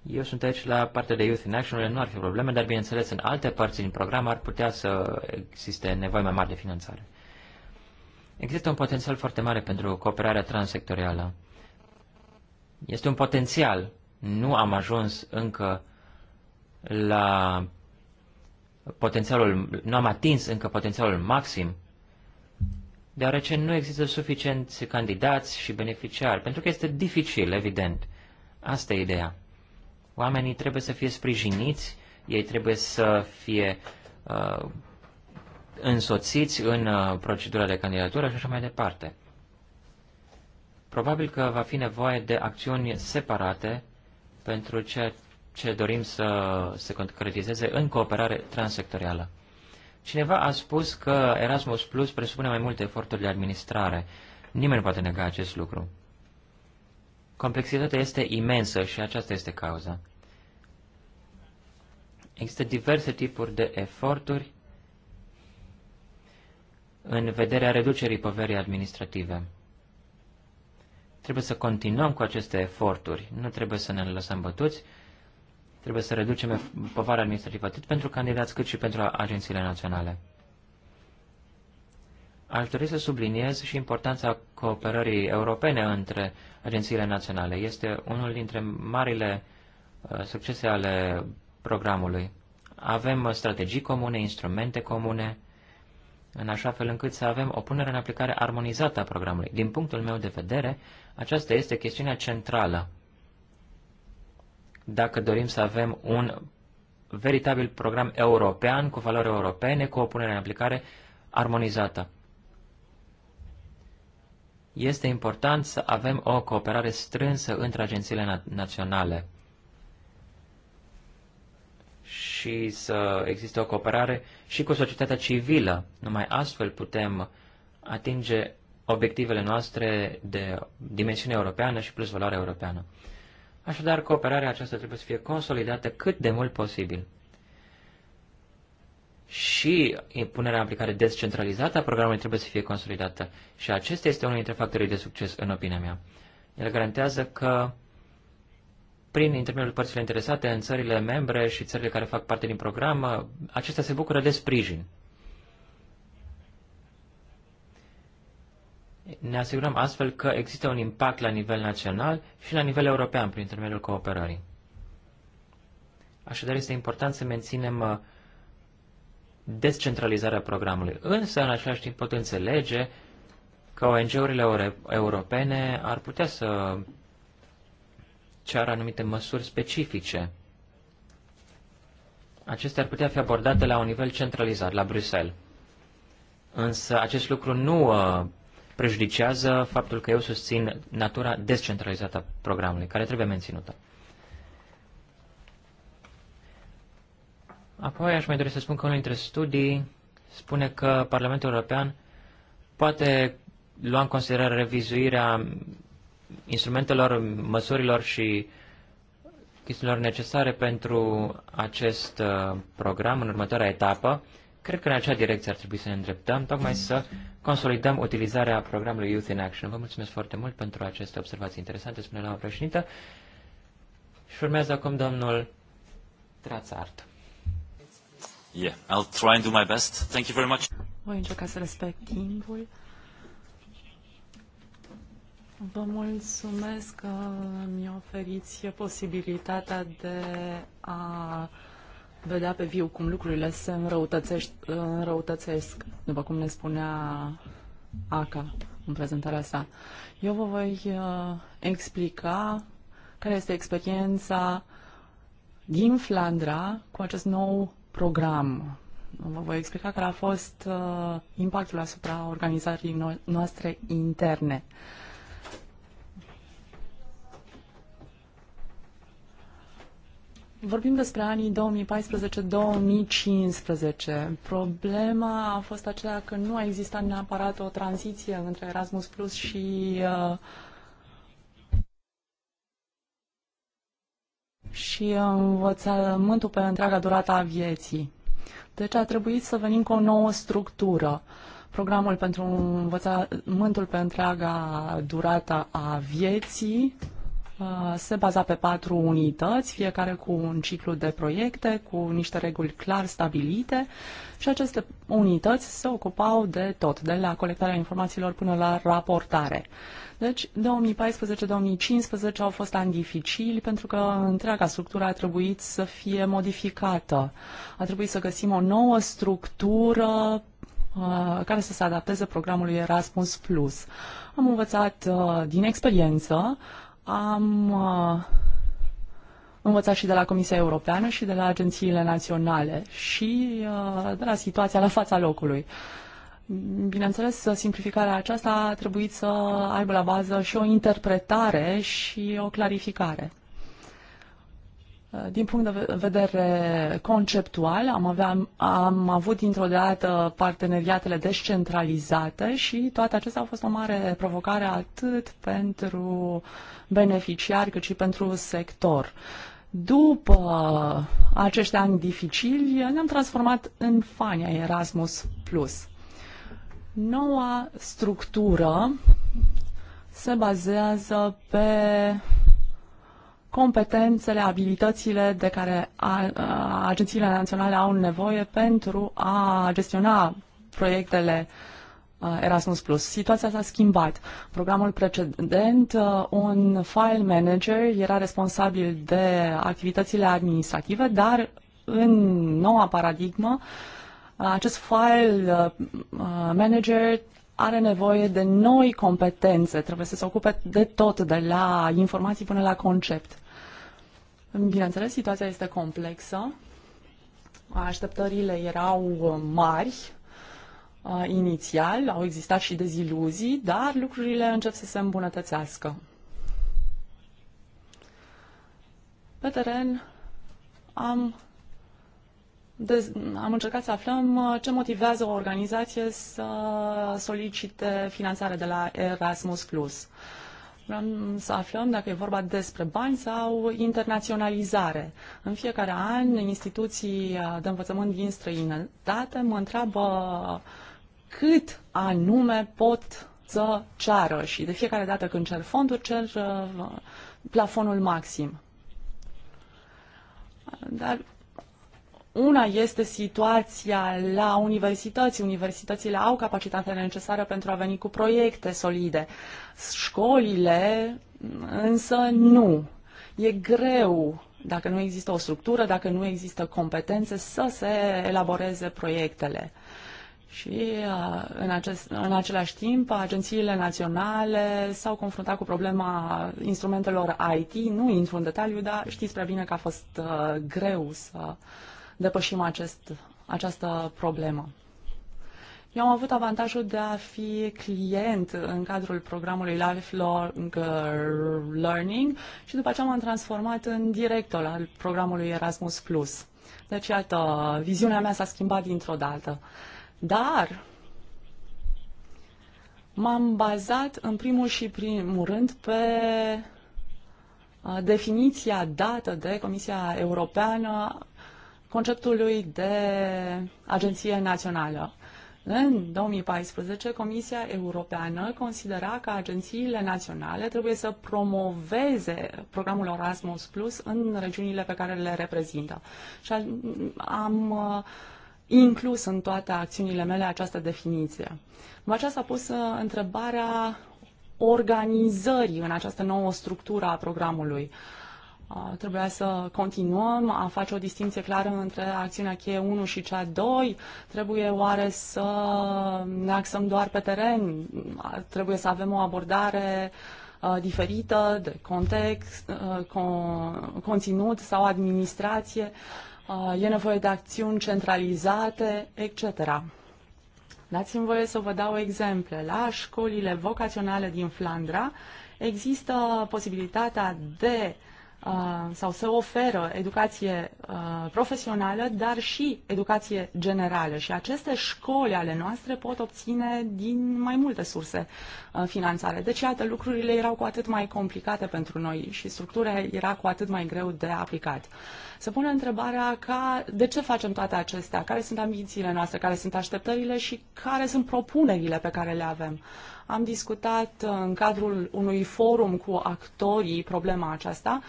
Eu sunt aici la partea de Youth in Action, nu ar fi probleme, dar bineînțeles în alte părți din program ar putea să existe nevoi mai mari de finanțare. Există un potențial foarte mare pentru cooperarea transsectorială. Este un potențial. Nu am ajuns încă la potențialul, nu am atins încă potențialul maxim, deoarece nu există suficienți candidați și beneficiari, pentru că este dificil, evident. Asta e ideea. Oamenii trebuie să fie sprijiniți, ei trebuie să fie uh, însoțiți în uh, procedura de candidatură și așa mai departe. Probabil că va fi nevoie de acțiuni separate pentru ceea ce dorim să se concretizeze în cooperare transsectorială. Cineva a spus că Erasmus Plus presupune mai multe eforturi de administrare. Nimeni nu poate nega acest lucru. Complexitatea este imensă și aceasta este cauza. Există diverse tipuri de eforturi în vederea reducerii poverii administrative. Trebuie să continuăm cu aceste eforturi, nu trebuie să ne lăsăm bătuți, Trebuie să reducem povara administrativă atât pentru candidați cât și pentru agențiile naționale. Aș dori să subliniez și importanța cooperării europene între agențiile naționale. Este unul dintre marile uh, succese ale programului. Avem strategii comune, instrumente comune, în așa fel încât să avem o punere în aplicare armonizată a programului. Din punctul meu de vedere, aceasta este chestiunea centrală dacă dorim să avem un veritabil program european cu valori europene, cu o punere în aplicare armonizată. Este important să avem o cooperare strânsă între agențiile na naționale și să existe o cooperare și cu societatea civilă. Numai astfel putem atinge obiectivele noastre de dimensiune europeană și plus valoare europeană. Așadar, cooperarea aceasta trebuie să fie consolidată cât de mult posibil. Și punerea în aplicare descentralizată a programului trebuie să fie consolidată. Și acesta este unul dintre factorii de succes, în opinia mea. El garantează că prin intermediul părților interesate în țările membre și țările care fac parte din program, acestea se bucură de sprijin Ne asigurăm astfel că există un impact la nivel național și la nivel european prin intermediul cooperării. Așadar, este important să menținem uh, descentralizarea programului. Însă, în același timp, pot înțelege că ONG-urile europene ar putea să ceară anumite măsuri specifice. Acestea ar putea fi abordate la un nivel centralizat, la Bruxelles. Însă acest lucru nu uh, prejudicează faptul că eu susțin natura descentralizată a programului, care trebuie menținută. Apoi aș mai dori să spun că unul dintre studii spune că Parlamentul European poate lua în considerare revizuirea instrumentelor, măsurilor și chestiilor necesare pentru acest uh, program în următoarea etapă Cred că în acea direcție ar trebui să ne îndreptăm, tocmai să consolidăm utilizarea programului Youth in Action. Vă mulțumesc foarte mult pentru aceste observații interesante, spune la președintă. Și urmează acum domnul Trațart. Yeah, I'll try and do my best. Thank you very much. Voi încerca să respect timpul. Vă mulțumesc că mi-a oferit posibilitatea de a vedea pe viu cum lucrurile se înrăutățesc, după cum ne spunea ACA în prezentarea sa. Eu vă voi uh, explica care este experiența din Flandra cu acest nou program. Vă voi explica care a fost uh, impactul asupra organizării noastre interne. Vorbim despre anii 2014-2015. Problema a fost aceea că nu a existat neapărat o tranziție între Erasmus Plus și uh, și învățământul pe întreaga durată a vieții. Deci a trebuit să venim cu o nouă structură. Programul pentru învățământul pe întreaga durată a vieții Uh, se baza pe patru unități, fiecare cu un ciclu de proiecte, cu niște reguli clar stabilite și aceste unități se ocupau de tot, de la colectarea informațiilor până la raportare. Deci, 2014-2015 au fost ani dificili pentru că întreaga structură a trebuit să fie modificată. A trebuit să găsim o nouă structură uh, care să se adapteze programului Erasmus Plus. Am învățat uh, din experiență, am uh, învățat și de la Comisia Europeană și de la agențiile naționale și uh, de la situația la fața locului. Bineînțeles, simplificarea aceasta a trebuit să aibă la bază și o interpretare și o clarificare. Uh, din punct de vedere conceptual, am, avea, am avut dintr-o dată parteneriatele descentralizate și toate acestea au fost o mare provocare atât pentru beneficiari cât și pentru sector. După acești ani dificili, ne-am transformat în fania Erasmus+. Plus. Noua structură se bazează pe competențele, abilitățile de care agențiile naționale au nevoie pentru a gestiona proiectele Erasmus+. Situația s-a schimbat. Programul precedent, un file manager era responsabil de activitățile administrative, dar în noua paradigmă, acest file manager are nevoie de noi competențe, trebuie să se ocupe de tot, de la informații până la concept. Bineînțeles, situația este complexă. Așteptările erau uh, mari uh, inițial, au existat și deziluzii, dar lucrurile încep să se îmbunătățească. Pe teren am, am încercat să aflăm uh, ce motivează o organizație să solicite finanțare de la Erasmus+. Vreau să aflăm dacă e vorba despre bani sau internaționalizare. În fiecare an, instituții uh, de învățământ din străinătate mă întreabă cât anume pot să ceară și de fiecare dată când cer fonduri, cer uh, plafonul maxim. Dar una este situația la universități. Universitățile au capacitatea necesară pentru a veni cu proiecte solide. Școlile însă nu. E greu dacă nu există o structură, dacă nu există competențe să se elaboreze proiectele. Și în, acest, în același timp, agențiile naționale s-au confruntat cu problema instrumentelor IT. Nu intru în detaliu, dar știți prea bine că a fost uh, greu să uh, depășim acest, această problemă. Eu am avut avantajul de a fi client în cadrul programului Lifelong Learning și după aceea m-am transformat în director al programului Erasmus+. Deci, iată, viziunea mea s-a schimbat dintr-o dată. Dar m-am bazat în primul și primul rând pe definiția dată de Comisia Europeană conceptului de agenție națională. În 2014, Comisia Europeană considera că agențiile naționale trebuie să promoveze programul Erasmus Plus în regiunile pe care le reprezintă. Și am uh, inclus în toate acțiunile mele această definiție. După aceea s-a pus uh, întrebarea organizării în această nouă structură a programului. Uh, Trebuia să continuăm a face o distinție clară între acțiunea cheie 1 și cea 2. Trebuie oare să ne axăm doar pe teren? Trebuie să avem o abordare diferită de context, con, conținut sau administrație? E nevoie de acțiuni centralizate, etc. Dați-mi voie să vă dau exemple. La școlile vocaționale din Flandra există posibilitatea de uh, Uh, sau să oferă educație uh, profesională, dar și educație generală. Și aceste școli ale noastre pot obține din mai multe surse uh, finanțare. Deci, iată, lucrurile erau cu atât mai complicate pentru noi și structura era cu atât mai greu de aplicat. Se pune întrebarea ca, de ce facem toate acestea, care sunt ambițiile noastre, care sunt așteptările și care sunt propunerile pe care le avem. Am discutat uh, în cadrul unui forum cu actorii problema aceasta.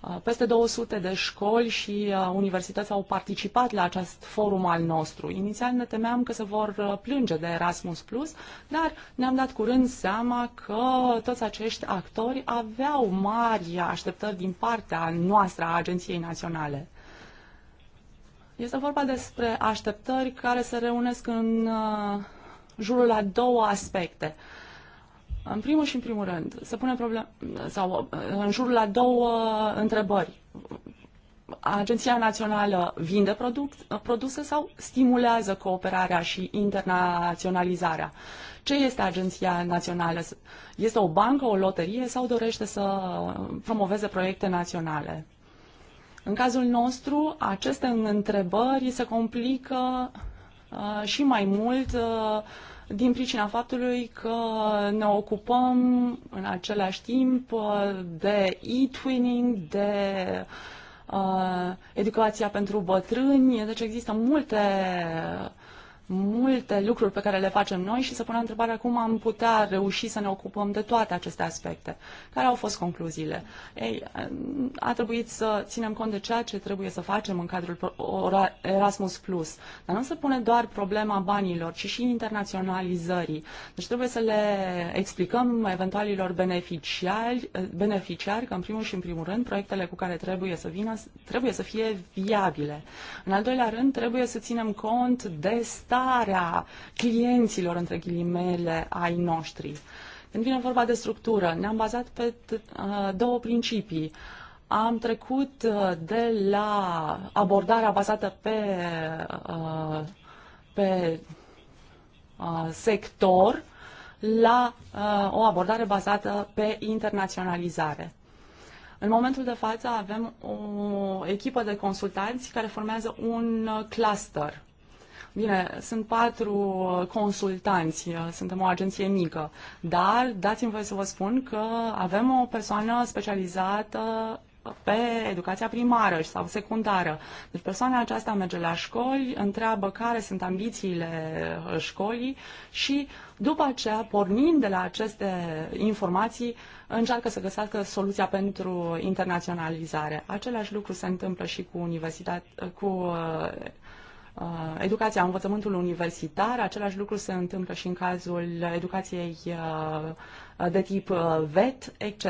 Uh, peste 200 de școli și uh, universități au participat la acest forum al nostru. Inițial ne temeam că se vor plânge de Erasmus+, dar ne-am dat curând seama că toți acești actori aveau mari așteptări din partea noastră a Agenției Naționale. Este vorba despre așteptări care se reunesc în jurul a două aspecte. În primul și în primul rând, se pune problem, sau uh, în jurul la două întrebări. Agenția Națională vinde produc, uh, produse sau stimulează cooperarea și internaționalizarea? Ce este Agenția Națională? Este o bancă, o loterie sau dorește să promoveze proiecte naționale? În cazul nostru, aceste întrebări se complică uh, și mai mult uh, din pricina faptului că ne ocupăm în același timp uh, de e-twinning, de uh, educația pentru bătrâni, deci există multe multe lucruri pe care le facem noi și să punem întrebarea cum am putea reuși să ne ocupăm de toate aceste aspecte. Care au fost concluziile? Ei, a trebuit să ținem cont de ceea ce trebuie să facem în cadrul Erasmus+. Plus. Dar nu se pune doar problema banilor, ci și internaționalizării. Deci trebuie să le explicăm eventualilor beneficiari, beneficiari că în primul și în primul rând proiectele cu care trebuie să vină trebuie să fie viabile. În al doilea rând trebuie să ținem cont de stat adaptarea clienților, între ghilimele, ai noștri. Când vine vorba de structură, ne-am bazat pe uh, două principii. Am trecut uh, de la abordarea bazată pe, uh, pe sector la o abordare bazată pe internaționalizare. În momentul de față avem o echipă de consultanți care formează un cluster. Bine, sunt patru uh, consultanți, uh, suntem o agenție mică, dar dați-mi voi să vă spun că avem o persoană specializată pe educația primară sau secundară. Deci persoana aceasta merge la școli, întreabă care sunt ambițiile uh, școlii și după aceea, pornind de la aceste informații, încearcă să găsească soluția pentru internaționalizare. Același lucru se întâmplă și cu universitate, cu Uh, educația, învățământul universitar. Același lucru se întâmplă și în cazul educației uh, de tip uh, VET, etc.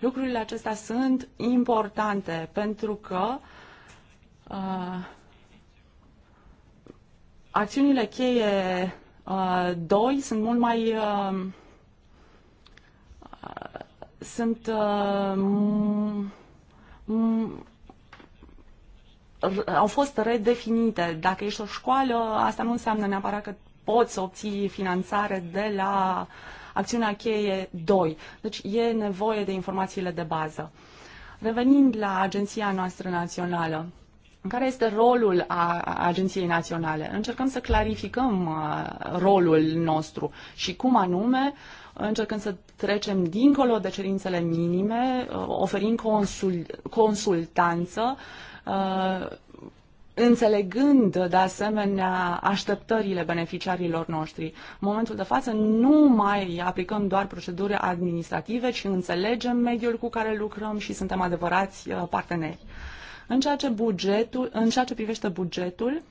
Lucrurile acestea sunt importante pentru că acțiunile cheie 2 sunt mult mai sunt au fost redefinite. Dacă ești o școală, asta nu înseamnă neapărat că poți să obții finanțare de la acțiunea cheie 2. Deci e nevoie de informațiile de bază. Revenind la agenția noastră națională, care este rolul a agenției naționale? Încercăm să clarificăm uh, rolul nostru și cum anume încercăm să trecem dincolo de cerințele minime, uh, oferind consul, consultanță Uh, înțelegând de asemenea așteptările beneficiarilor noștri. În momentul de față nu mai aplicăm doar proceduri administrative, ci înțelegem mediul cu care lucrăm și suntem adevărați uh, parteneri. În ceea ce, bugetul, în ceea ce privește bugetul,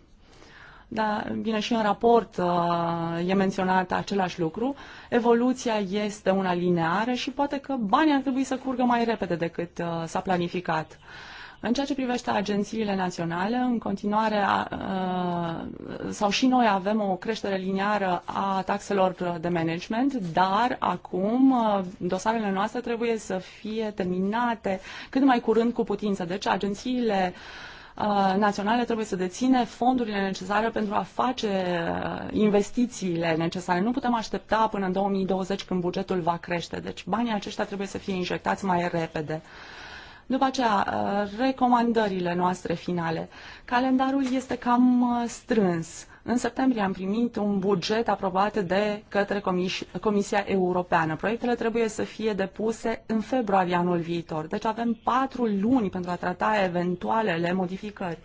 da, bine, și în raport uh, e menționat același lucru. Evoluția este una lineară și poate că banii ar trebui să curgă mai repede decât uh, s-a planificat. Uh, în ceea ce privește agențiile naționale, în continuare sau și noi avem o creștere liniară a taxelor de management, dar acum dosarele noastre trebuie să fie terminate cât mai curând cu putință. Deci agențiile naționale trebuie să deține fondurile necesare pentru a face investițiile necesare. Nu putem aștepta până în 2020 când bugetul va crește. Deci banii aceștia trebuie să fie injectați mai repede. După aceea, uh, recomandările noastre finale. Calendarul este cam uh, strâns. În septembrie am primit un buget aprobat de către Comis Comisia Europeană. Proiectele trebuie să fie depuse în februarie anul viitor. Deci avem patru luni pentru a trata eventualele modificări.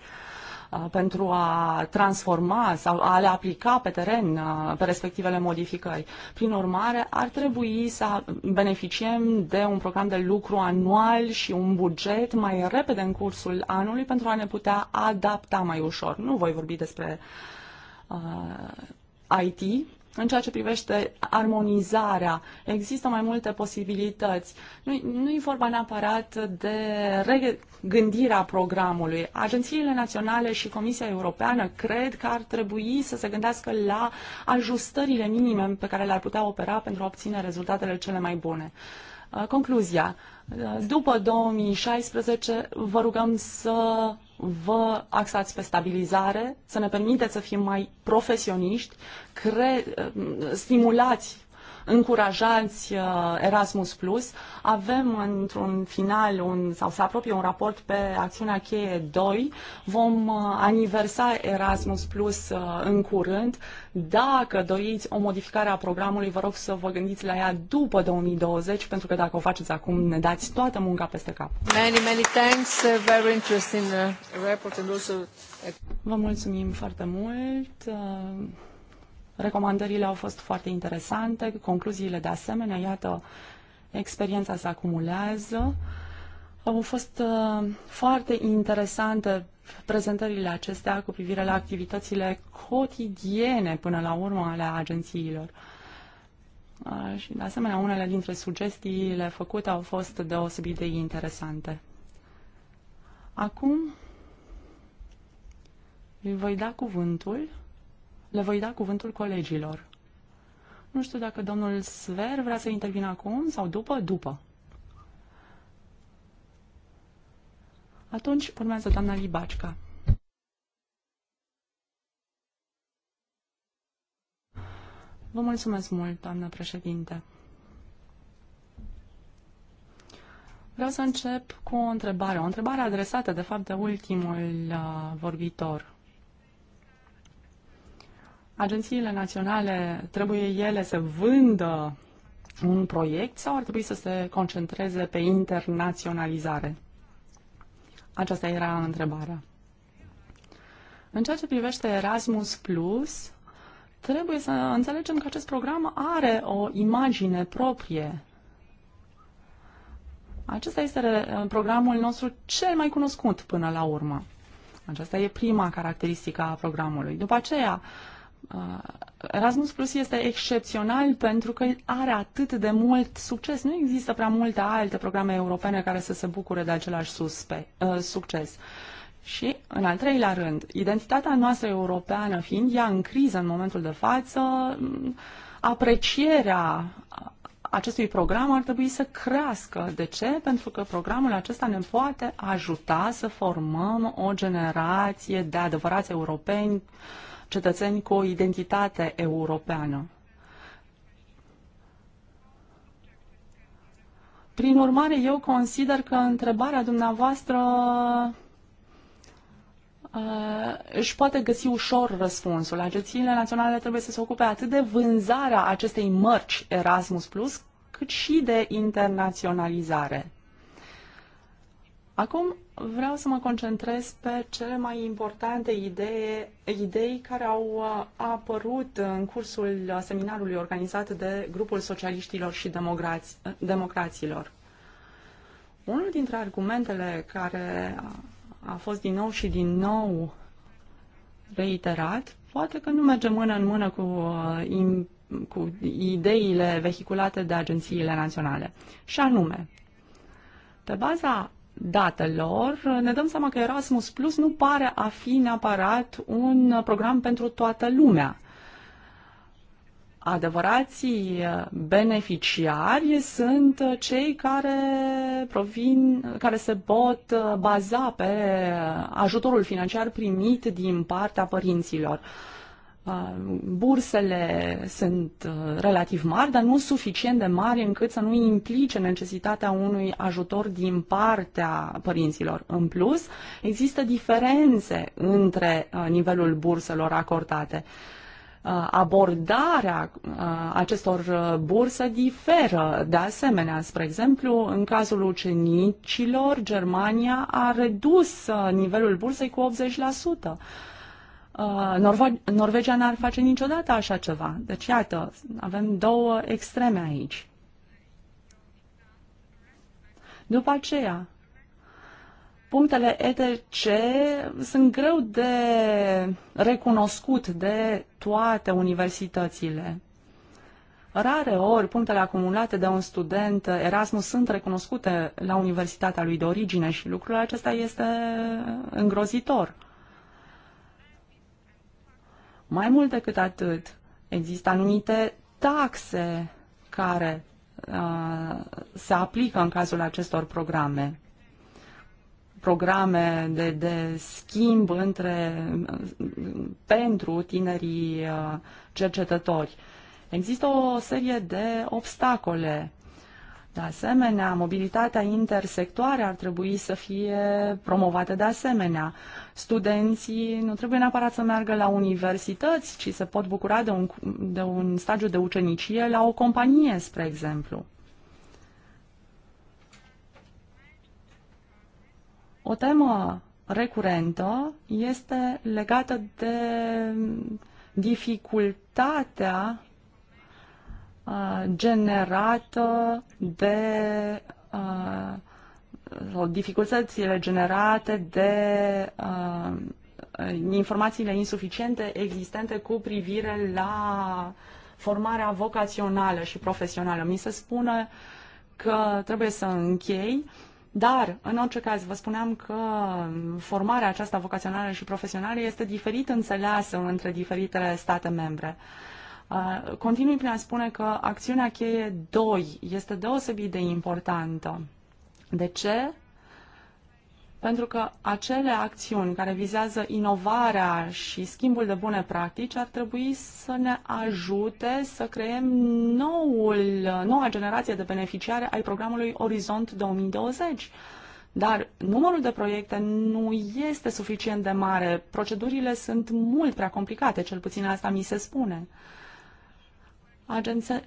Uh, pentru a transforma sau a le aplica pe teren uh, pe respectivele modificări. Prin urmare, ar trebui să beneficiem de un program de lucru anual și un buget mai repede în cursul anului pentru a ne putea adapta mai ușor. Nu voi vorbi despre uh, IT, în ceea ce privește armonizarea, există mai multe posibilități. Nu, nu e vorba neapărat de regândirea programului. Agențiile naționale și Comisia Europeană cred că ar trebui să se gândească la ajustările minime pe care le-ar putea opera pentru a obține rezultatele cele mai bune. Uh, concluzia. După 2016 vă rugăm să vă axați pe stabilizare, să ne permiteți să fim mai profesioniști, cre- stimulați încurajați uh, Erasmus Plus. Avem într-un final un, sau se apropie un raport pe acțiunea cheie 2. Vom uh, aniversa Erasmus Plus uh, în curând. Dacă doriți o modificare a programului, vă rog să vă gândiți la ea după 2020, pentru că dacă o faceți acum, ne dați toată munca peste cap. Many, many thanks. Very interesting report and also... Vă mulțumim foarte mult. Recomandările au fost foarte interesante, concluziile de asemenea, iată, experiența se acumulează. Au fost uh, foarte interesante prezentările acestea cu privire la activitățile cotidiene până la urmă ale agențiilor. Uh, și, de asemenea, unele dintre sugestiile făcute au fost deosebit de interesante. Acum îi voi da cuvântul le voi da cuvântul colegilor. Nu știu dacă domnul Sver vrea să intervină acum sau după? După. Atunci urmează doamna Libacica. Vă mulțumesc mult, doamna președinte. Vreau să încep cu o întrebare, o întrebare adresată, de fapt, de ultimul uh, vorbitor agențiile naționale trebuie ele să vândă un proiect sau ar trebui să se concentreze pe internaționalizare? Aceasta era întrebarea. În ceea ce privește Erasmus Plus, trebuie să înțelegem că acest program are o imagine proprie. Acesta este uh, programul nostru cel mai cunoscut până la urmă. Aceasta e prima caracteristică a programului. După aceea, uh, Uh, Erasmus Plus este excepțional pentru că are atât de mult succes. Nu există prea multe alte programe europene care să se bucure de același suspe, uh, succes. Și, în al treilea rând, identitatea noastră europeană fiind ea în criză în momentul de față, aprecierea acestui program ar trebui să crească. De ce? Pentru că programul acesta ne poate ajuta să formăm o generație de adevărați europeni uh, cetățeni cu o identitate europeană. Prin urmare, eu consider că întrebarea dumneavoastră uh, își poate găsi ușor răspunsul. Agențiile naționale trebuie să se ocupe atât de vânzarea acestei mărci Erasmus+, cât și de internaționalizare. Acum vreau să mă concentrez pe cele mai importante idei, idei care au uh, apărut în cursul seminarului organizat de grupul socialiștilor și democrați, democraților. Unul dintre argumentele care a fost din nou și din nou reiterat, poate că nu merge mână în mână cu, uh, cu ideile vehiculate de agențiile naționale. Și anume, pe baza datelor, ne dăm seama că Erasmus Plus nu pare a fi neapărat un program pentru toată lumea. Adevărații beneficiari sunt cei care provin, care se pot baza pe ajutorul financiar primit din partea părinților. Uh, bursele sunt uh, relativ mari, dar nu suficient de mari încât să nu implice necesitatea unui ajutor din partea părinților. În plus, există diferențe între uh, nivelul burselor acordate. Uh, abordarea acestor burse diferă. De asemenea, spre exemplu, în cazul ucenicilor, Germania a redus nivelul bursei cu 80%. Uh, Norvegia n-ar face niciodată așa ceva. Deci, iată, avem două extreme aici. După aceea, punctele ETC sunt greu de recunoscut de toate universitățile. Rare ori punctele acumulate de un student Erasmus sunt recunoscute la universitatea lui de origine și lucrul acesta este îngrozitor. Mai mult decât atât, există anumite taxe care uh, se aplică în cazul acestor programe. Programe de, de schimb între, uh, pentru tinerii uh, cercetători. Există o serie de obstacole de asemenea, mobilitatea intersectoare ar trebui să fie promovată de asemenea. Studenții nu trebuie neapărat să meargă la universități, ci se pot bucura de un, de un stagiu de ucenicie la o companie, spre exemplu. O temă recurentă este legată de dificultatea Uh, generată de sau uh, dificultățile generate de uh, informațiile insuficiente existente cu privire la formarea vocațională și profesională. Mi se spune că trebuie să închei, dar, în orice caz, vă spuneam că formarea aceasta vocațională și profesională este diferit înțeleasă între diferitele state membre. Uh, Uh, continui prin a spune că acțiunea cheie 2 este deosebit de importantă. De ce? Pentru că acele acțiuni care vizează inovarea și schimbul de bune practici ar trebui să ne ajute să creăm noul, noua generație de beneficiare ai programului Orizont 2020. Dar numărul de proiecte nu este suficient de mare. Procedurile sunt mult prea complicate, cel puțin asta mi se spune. Uh,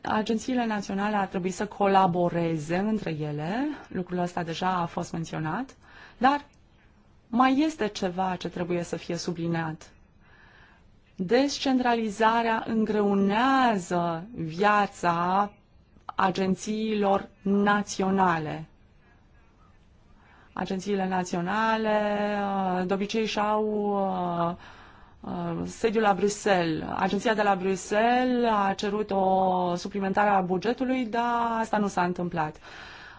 agențiile naționale ar trebui să colaboreze între ele, lucrul ăsta deja a fost menționat, dar mai este ceva ce trebuie să fie subliniat. Descentralizarea îngreunează viața agențiilor naționale. Agențiile naționale de obicei și-au uh, Uh, sediul la Bruxelles. Agenția de la Bruxelles a cerut o suplimentare a bugetului, dar asta nu s-a întâmplat.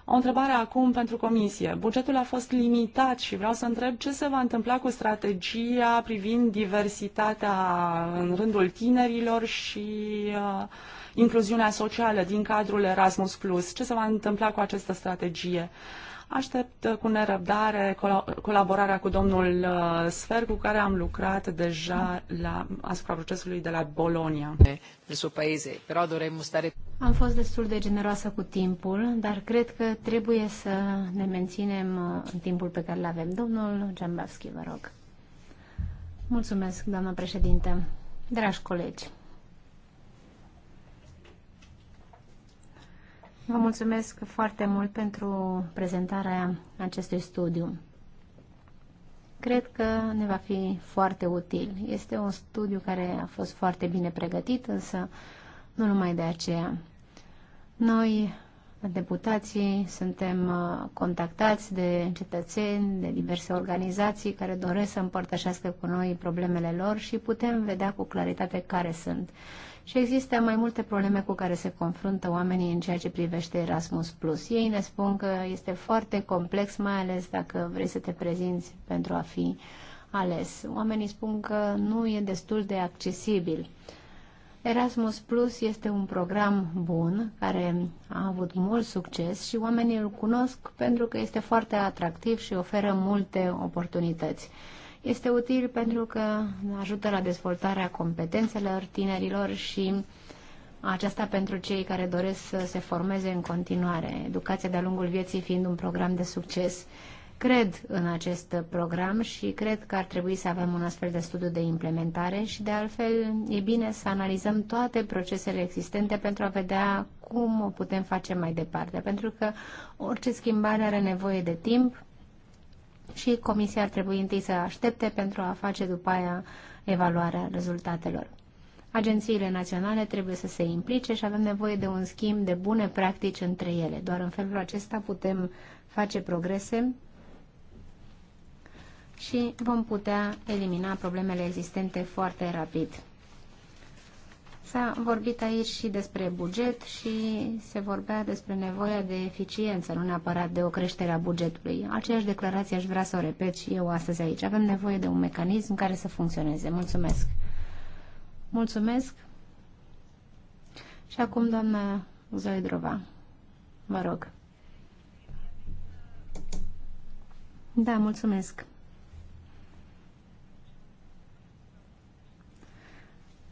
O întrebare acum pentru Comisie. Bugetul a fost limitat și vreau să întreb ce se va întâmpla cu strategia privind diversitatea în rândul tinerilor și uh, incluziunea socială din cadrul Erasmus+. Ce se va întâmpla cu această strategie? Uh, Aștept uh, cu nerăbdare colaborarea cu domnul uh, Sfer, cu care am lucrat deja la, asupra procesului de la Bolonia. Am fost destul de generoasă cu timpul, dar cred că trebuie să ne menținem uh, în timpul pe care îl avem. Domnul Giambavski, vă rog. Mulțumesc, doamnă președinte. Dragi colegi, Vă mulțumesc foarte mult pentru prezentarea acestui studiu. Cred că ne va fi foarte util. Este un studiu care a fost foarte bine pregătit, însă nu numai de aceea. Noi, deputații, suntem uh, contactați de cetățeni, de diverse organizații care doresc să împărtășească cu noi problemele lor și putem vedea cu claritate care sunt. Și există mai multe probleme cu care se confruntă oamenii în ceea ce privește Erasmus+. Plus. Ei ne spun că este foarte complex, mai ales dacă vrei să te prezinți pentru a fi ales. Oamenii spun că nu e destul de accesibil. Erasmus Plus este un program bun care a avut mult succes și oamenii îl cunosc pentru că este foarte atractiv și oferă multe oportunități. Este util pentru că ajută la dezvoltarea competențelor tinerilor și aceasta pentru cei care doresc să se formeze în continuare, educația de-a lungul vieții fiind un program de succes. Cred în acest program și cred că ar trebui să avem un astfel de studiu de implementare și de altfel e bine să analizăm toate procesele existente pentru a vedea cum o putem face mai departe, pentru că orice schimbare are nevoie de timp, și Comisia ar trebui întâi să aștepte pentru a face după aia evaluarea rezultatelor. Agențiile naționale trebuie să se implice și avem nevoie de un schimb de bune practici între ele. Doar în felul acesta putem face progrese și vom putea elimina problemele existente foarte rapid. S-a vorbit aici și despre buget și se vorbea despre nevoia de eficiență, nu neapărat de o creștere a bugetului. Aceeași declarație aș vrea să o repet și eu astăzi aici. Avem nevoie de un mecanism care să funcționeze. Mulțumesc! Mulțumesc! Și acum, doamna Zoidrova, vă rog. Da, mulțumesc!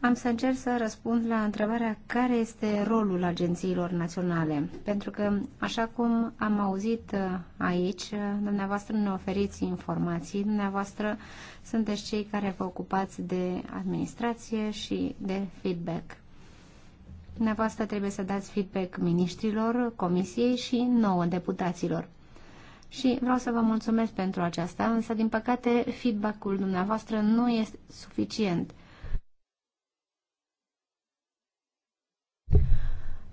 Am să încerc să răspund la întrebarea care este rolul agențiilor naționale, pentru că, așa cum am auzit uh, aici, uh, dumneavoastră ne oferiți informații, dumneavoastră sunteți cei care vă ocupați de administrație și de feedback. Dumneavoastră trebuie să dați feedback ministrilor, comisiei și nouă deputaților. Și vreau să vă mulțumesc pentru aceasta, însă, din păcate, feedback-ul dumneavoastră nu este suficient –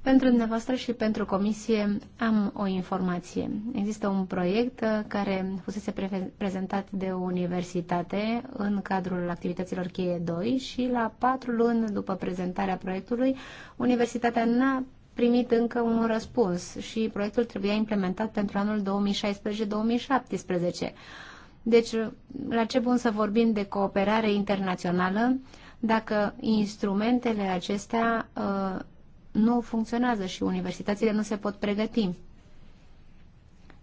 Pentru dumneavoastră și pentru comisie am o informație. Există un proiect uh, care fusese pre prezentat de o universitate în cadrul activităților cheie 2 și la patru luni după prezentarea proiectului, universitatea n-a primit încă un răspuns și proiectul trebuia implementat pentru anul 2016-2017. Deci, la ce bun să vorbim de cooperare internațională dacă instrumentele acestea uh, nu funcționează și universitățile nu se pot pregăti.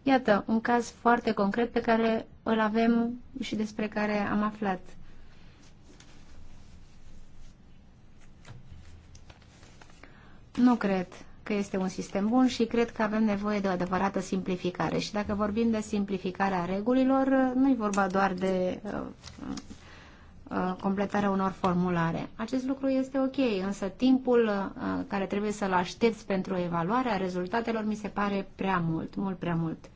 Iată, un caz foarte concret pe care îl avem și despre care am aflat. Nu cred că este un sistem bun și cred că avem nevoie de o adevărată simplificare. Și dacă vorbim de simplificarea regulilor, nu i vorba doar de uh, Uh, completarea unor formulare. Acest lucru este ok, însă timpul uh, care trebuie să-l aștepți pentru evaluarea rezultatelor mi se pare prea mult, mult prea mult.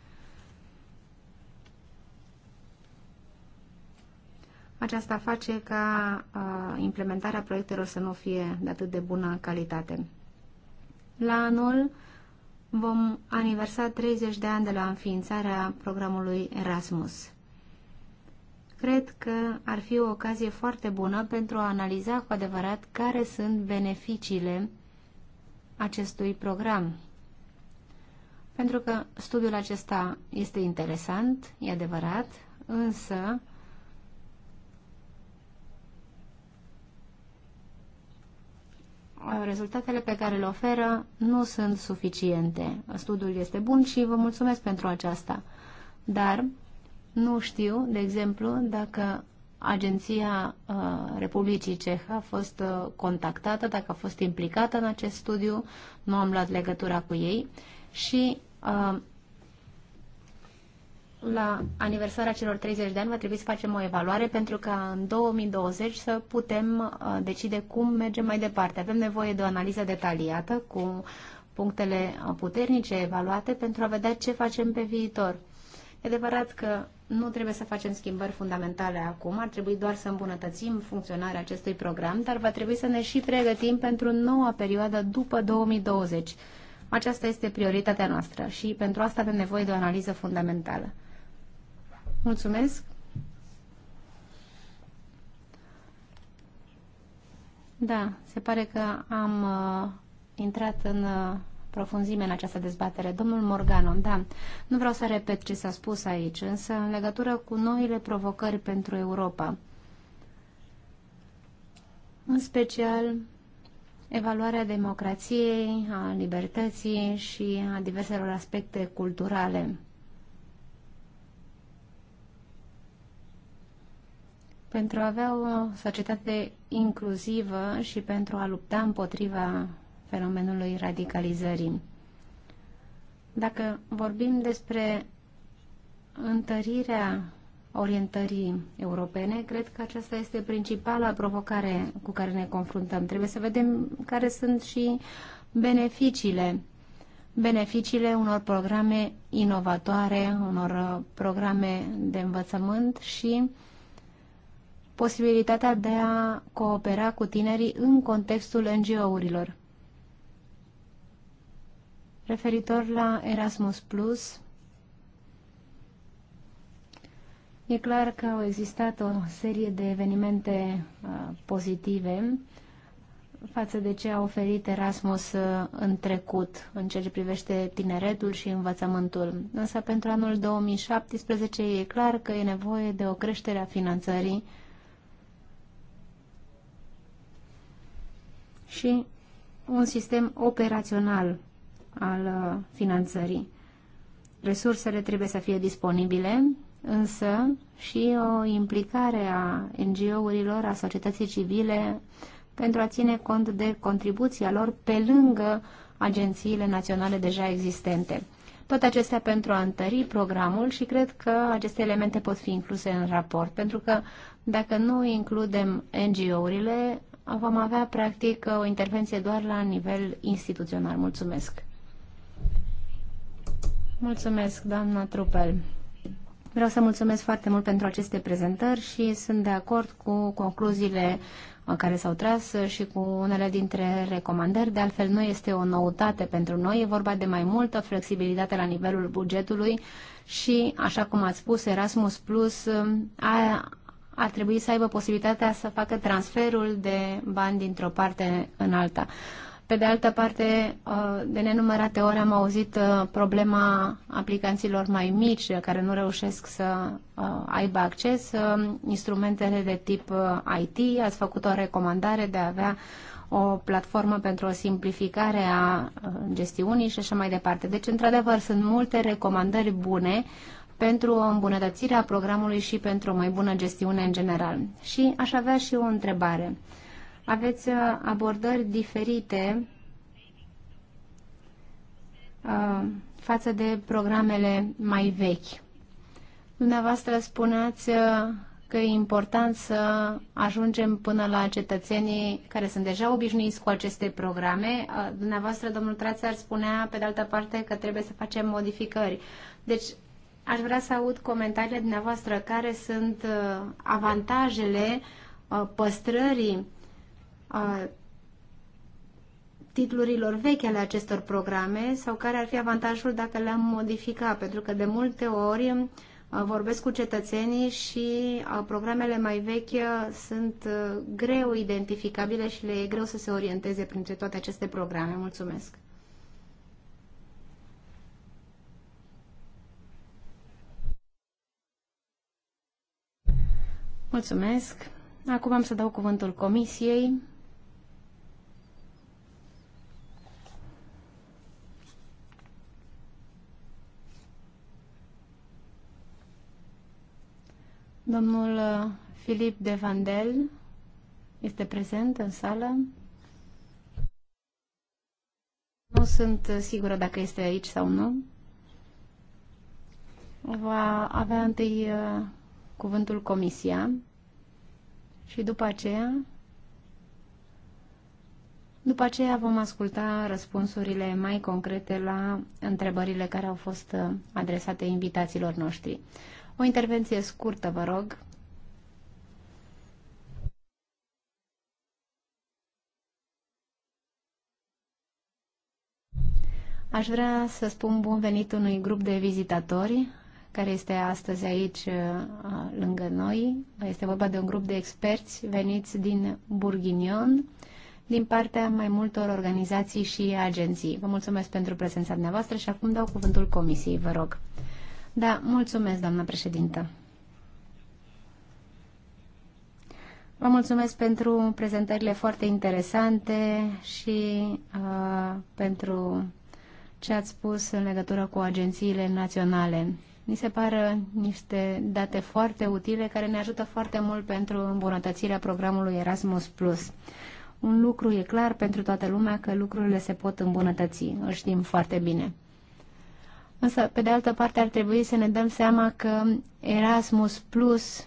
Aceasta face ca uh, implementarea proiectelor să nu fie de atât de bună calitate. La anul vom aniversa 30 de ani de la înființarea programului Erasmus cred că ar fi o ocazie foarte bună pentru a analiza cu adevărat care sunt beneficiile acestui program. Pentru că studiul acesta este interesant, e adevărat, însă rezultatele pe care le oferă nu sunt suficiente. Studiul este bun și vă mulțumesc pentru aceasta. Dar nu știu, de exemplu, dacă Agenția uh, Republicii Cehe a fost uh, contactată, dacă a fost implicată în acest studiu, nu am luat legătura cu ei și uh, la aniversarea celor 30 de ani va trebui să facem o evaluare pentru ca în 2020 să putem decide cum mergem mai departe. Avem nevoie de o analiză detaliată cu punctele puternice evaluate pentru a vedea ce facem pe viitor. E adevărat că nu trebuie să facem schimbări fundamentale acum, ar trebui doar să îmbunătățim funcționarea acestui program, dar va trebui să ne și pregătim pentru noua perioadă după 2020. Aceasta este prioritatea noastră și pentru asta avem nevoie de o analiză fundamentală. Mulțumesc! Da, se pare că am uh, intrat în uh, profunzime în această dezbatere. Domnul Morgano, da, nu vreau să repet ce s-a spus aici, însă în legătură cu noile provocări pentru Europa, în special evaluarea democrației, a libertății și a diverselor aspecte culturale. Pentru a avea o societate inclusivă și pentru a lupta împotriva fenomenului radicalizării. Dacă vorbim despre întărirea orientării europene, cred că aceasta este principala provocare cu care ne confruntăm. Trebuie să vedem care sunt și beneficiile beneficiile unor programe inovatoare, unor uh, programe de învățământ și posibilitatea de a coopera cu tinerii în contextul NGO-urilor. Referitor la Erasmus+, Plus, e clar că au existat o serie de evenimente uh, pozitive față de ce a oferit Erasmus uh, în trecut, în ceea ce privește tineretul și învățământul. Însă pentru anul 2017 e clar că e nevoie de o creștere a finanțării și un sistem operațional al uh, finanțării. Resursele trebuie să fie disponibile, însă și o implicare a NGO-urilor, a societății civile, pentru a ține cont de contribuția lor pe lângă agențiile naționale deja existente. Tot acestea pentru a întări programul și cred că aceste elemente pot fi incluse în raport, pentru că dacă nu includem NGO-urile, vom avea practic o intervenție doar la nivel instituțional. Mulțumesc! Mulțumesc, doamna Trupel. Vreau să mulțumesc foarte mult pentru aceste prezentări și sunt de acord cu concluziile care s-au tras și cu unele dintre recomandări. De altfel, nu este o noutate pentru noi, e vorba de mai multă flexibilitate la nivelul bugetului și, așa cum ați spus, Erasmus Plus um, a, ar trebui să aibă posibilitatea să facă transferul de bani dintr-o parte în alta. Pe de altă parte, uh, de nenumărate ori am auzit uh, problema aplicanților mai mici uh, care nu reușesc să aibă acces, instrumentele de tip IT. Ați făcut o recomandare de a avea o platformă pentru o simplificare a gestiunii și așa mai departe. Deci, într-adevăr, sunt multe recomandări bune pentru o îmbunătățire a programului și pentru o mai bună gestiune în general. Și aș avea și o întrebare. Uh, aveți uh, abordări diferite uh, față de programele mai vechi. Dumneavoastră spuneați uh, că e important să ajungem până la cetățenii care sunt deja obișnuiți cu aceste programe. Dumneavoastră, domnul ar spunea, pe de altă parte, că trebuie să facem modificări. Deci, aș vrea să aud comentariile dumneavoastră. Care sunt avantajele păstrării a titlurilor vechi ale acestor programe sau care ar fi avantajul dacă le-am modifica, pentru că de multe ori uh, vorbesc cu cetățenii și uh, programele mai vechi uh, sunt greu identificabile și le e greu să se orienteze printre toate aceste programe. Mulțumesc! Mulțumesc! Acum am să dau cuvântul Comisiei. Domnul uh, Filip de Vandel este prezent în sală. Nu sunt uh, sigură dacă este aici sau nu. Va avea întâi uh, cuvântul Comisia și după aceea după aceea vom asculta răspunsurile mai concrete la întrebările care au fost adresate invitațiilor noștri. O intervenție scurtă, vă rog. Aș vrea să spun bun venit unui grup de vizitatori care este astăzi aici uh, lângă noi. Este vorba de un grup de experți veniți din Burghinion, din partea mai multor organizații și agenții. Vă mulțumesc pentru prezența dumneavoastră și acum dau cuvântul comisiei, vă rog. Da, mulțumesc, doamna președintă. Vă mulțumesc pentru prezentările foarte interesante și uh, pentru ce ați spus în legătură cu agențiile naționale. Mi se pară niște date foarte utile care ne ajută foarte mult pentru îmbunătățirea programului Erasmus+. Un lucru e clar pentru toată lumea că lucrurile se pot îmbunătăți, îl știm foarte bine. Însă, pe de altă parte, ar trebui să ne dăm seama că Erasmus Plus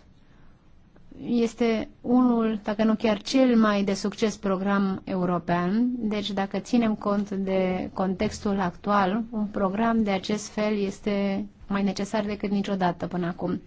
este unul, dacă nu chiar cel mai de succes program european. Deci, dacă ținem cont de contextul actual, un program de acest fel este mai necesar decât niciodată până acum.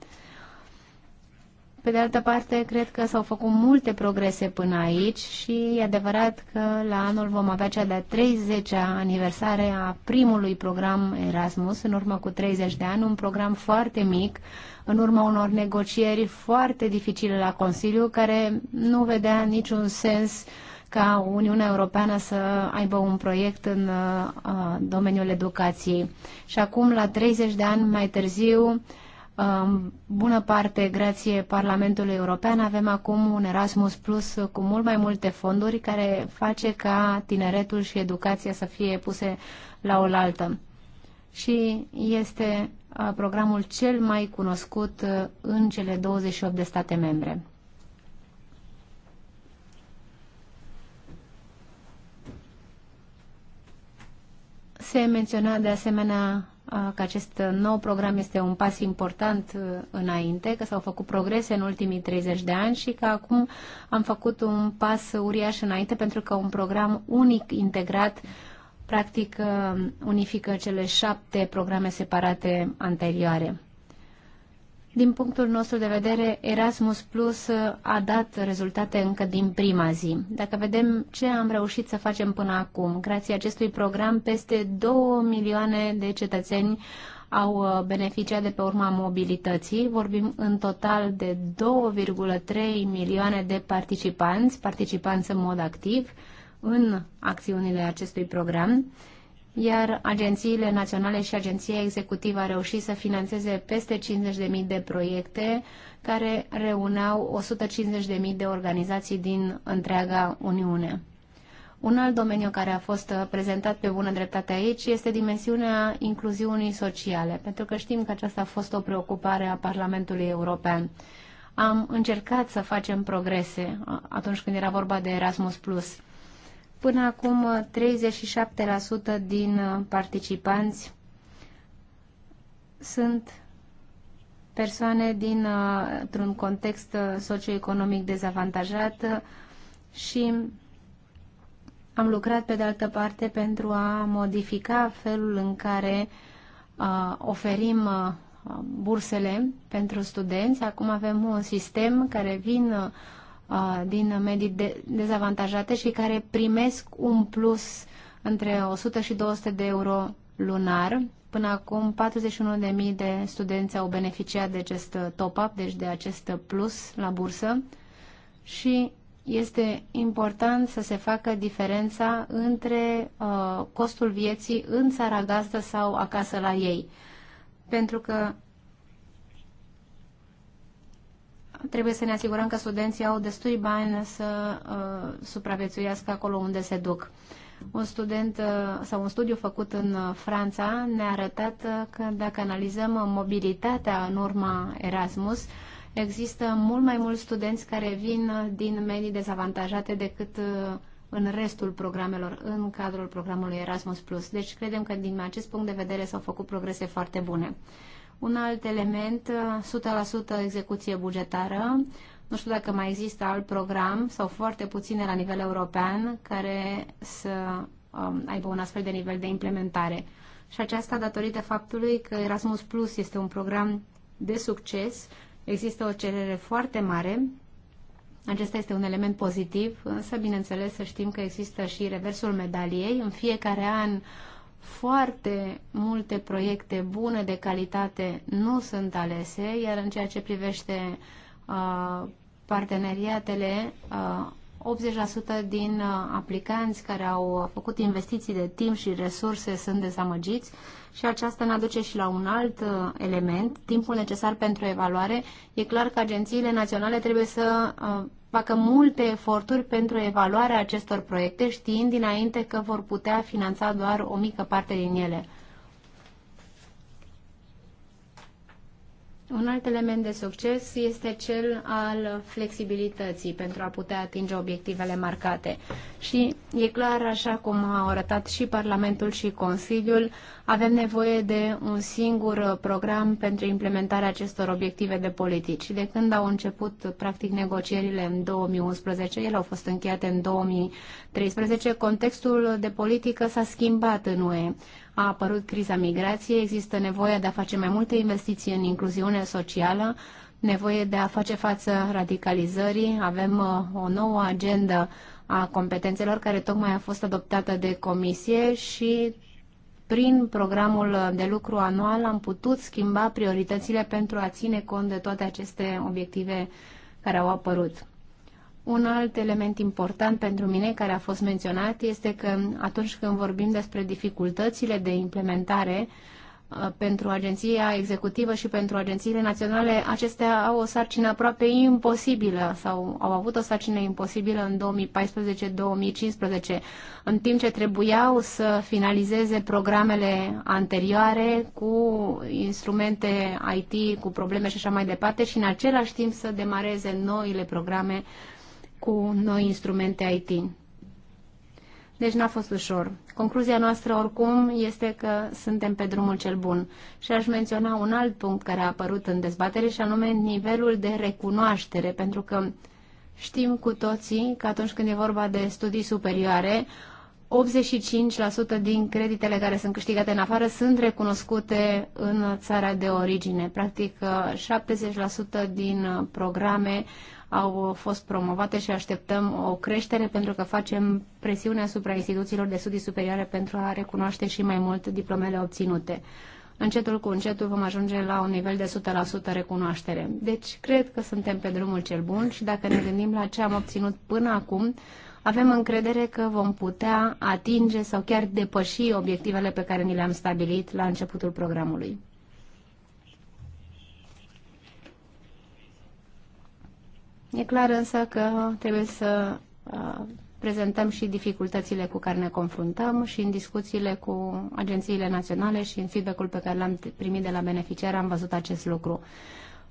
Pe de altă parte, cred că s-au făcut multe progrese până aici și e adevărat că la anul vom avea cea de-a 30-a aniversare a primului program Erasmus, în urmă cu 30 de ani, un program foarte mic, în urma unor negocieri foarte dificile la Consiliu, care nu vedea niciun sens ca Uniunea Europeană să aibă un proiect în uh, domeniul educației. Și acum, la 30 de ani mai târziu, în bună parte grație Parlamentului European avem acum un Erasmus Plus cu mult mai multe fonduri care face ca tineretul și educația să fie puse la oaltă. Și este uh, programul cel mai cunoscut uh, în cele 28 de state membre. Se menționa de asemenea că acest nou program este un pas important uh, înainte, că s-au făcut progrese în ultimii 30 de ani și că acum am făcut un pas uriaș înainte pentru că un program unic integrat practic uh, unifică cele șapte programe separate anterioare. Din punctul nostru de vedere, Erasmus Plus uh, a dat rezultate încă din prima zi. Dacă vedem ce am reușit să facem până acum, grație acestui program, peste 2 milioane de cetățeni au uh, beneficiat de pe urma mobilității. Vorbim în total de 2,3 milioane de participanți, participanți în mod activ în acțiunile acestui program iar agențiile naționale și agenția executivă a reușit să financeze peste 50.000 de proiecte care reuneau 150.000 de organizații din întreaga Uniune. Un alt domeniu care a fost prezentat pe bună dreptate aici este dimensiunea incluziunii sociale, pentru că știm că aceasta a fost o preocupare a Parlamentului European. Am încercat să facem progrese atunci când era vorba de Erasmus+. Până acum, 37% din uh, participanți sunt persoane dintr-un uh, context uh, socioeconomic dezavantajat și am lucrat pe de altă parte pentru a modifica felul în care oferim bursele pentru studenți. Acum avem un sistem care vin uh, din medii de dezavantajate și care primesc un plus între 100 și 200 de euro lunar. Până acum, 41.000 de studenți au beneficiat de acest uh, top-up, deci de acest plus la bursă și este important să se facă diferența între uh, costul vieții în țara gazdă sau acasă la ei. Pentru că trebuie să ne asigurăm că studenții au destui bani să uh, supraviețuiască acolo unde se duc. Un student uh, sau un studiu făcut în uh, Franța ne-a arătat uh, că dacă analizăm uh, mobilitatea în urma Erasmus, există mult mai mulți studenți care vin din medii dezavantajate decât uh, în restul programelor, în cadrul programului Erasmus+. Deci credem că din acest punct de vedere s-au făcut progrese foarte bune. Un alt element, 100% execuție bugetară. Nu știu dacă mai există alt program sau foarte puține la nivel european care să um, aibă un astfel de nivel de implementare. Și aceasta datorită faptului că Erasmus Plus este un program de succes, există o cerere foarte mare acesta este un element pozitiv, însă, bineînțeles, să știm că există și reversul medaliei. În fiecare an foarte multe proiecte bune de calitate nu sunt alese, iar în ceea ce privește uh, parteneriatele, uh, 80% din uh, aplicanți care au făcut investiții de timp și resurse sunt dezamăgiți și aceasta ne aduce și la un alt uh, element, timpul necesar pentru evaluare. E clar că agențiile naționale trebuie să uh, facă multe eforturi pentru evaluarea acestor proiecte, știind dinainte că vor putea finanța doar o mică parte din ele. Un alt element de succes este cel al flexibilității pentru a putea atinge obiectivele marcate. Și e clar, așa cum a arătat și Parlamentul și Consiliul, avem nevoie de un singur program pentru implementarea acestor obiective de politici. De când au început, practic, negocierile în 2011, ele au fost încheiate în 2013, contextul de politică s-a schimbat în UE a apărut criza migrației, există nevoie de a face mai multe investiții în incluziune socială, nevoie de a face față radicalizării. Avem uh, o nouă agendă a competențelor care tocmai a fost adoptată de comisie și prin programul de lucru anual am putut schimba prioritățile pentru a ține cont de toate aceste obiective care au apărut. Un alt element important pentru mine care a fost menționat este că atunci când vorbim despre dificultățile de implementare uh, pentru agenția executivă și pentru agențiile naționale, acestea au o sarcină aproape imposibilă sau au avut o sarcină imposibilă în 2014-2015, în timp ce trebuiau să finalizeze programele anterioare cu instrumente IT, cu probleme și așa mai departe și în același timp să demareze noile programe uh, cu noi instrumente IT. Deci n-a fost ușor. Concluzia noastră oricum este că suntem pe drumul cel bun. Și aș menționa un alt punct care a apărut în dezbatere și anume nivelul de recunoaștere, pentru că știm cu toții că atunci când e vorba de studii superioare, 85% din creditele care sunt câștigate în afară sunt recunoscute în țara de origine. Practic, 70% din programe au fost promovate și așteptăm o creștere pentru că facem presiune asupra instituțiilor de studii superioare pentru a recunoaște și mai mult diplomele obținute. Încetul cu încetul vom ajunge la un nivel de 100% recunoaștere. Deci, cred că suntem pe drumul cel bun și dacă ne gândim la ce am obținut până acum, avem încredere că vom putea atinge sau chiar depăși obiectivele pe care ni le-am stabilit la începutul programului. E clar însă că trebuie să uh, prezentăm și dificultățile cu care ne confruntăm și în discuțiile cu agențiile naționale și în feedback-ul pe care l-am primit de la beneficiar am văzut acest lucru.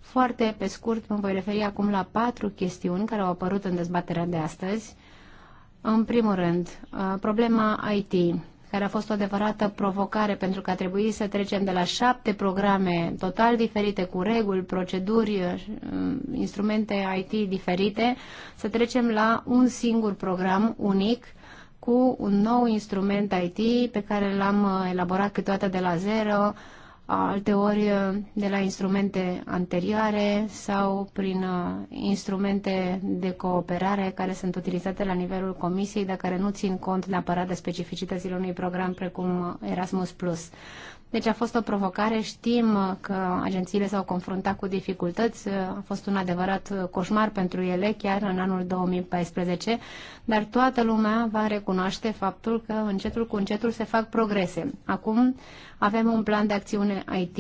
Foarte pe scurt mă voi referi acum la patru chestiuni care au apărut în dezbaterea de astăzi în primul rând, uh, problema IT, care a fost o adevărată provocare pentru că a trebuit să trecem de la șapte programe total diferite, cu reguli, proceduri, uh, instrumente IT diferite, să trecem la un singur program unic cu un nou instrument IT pe care l-am uh, elaborat câteodată de la zero, ori uh, de la instrumente anterioare sau prin uh, instrumente de cooperare care sunt utilizate la nivelul comisiei, dar care nu țin cont neapărat de specificitățile unui program precum Erasmus+. Deci a fost o provocare, știm că agențiile s-au confruntat cu dificultăți, a fost un adevărat coșmar pentru ele chiar în anul 2014, dar toată lumea va recunoaște faptul că încetul cu încetul se fac progrese. Acum avem un plan de acțiune IT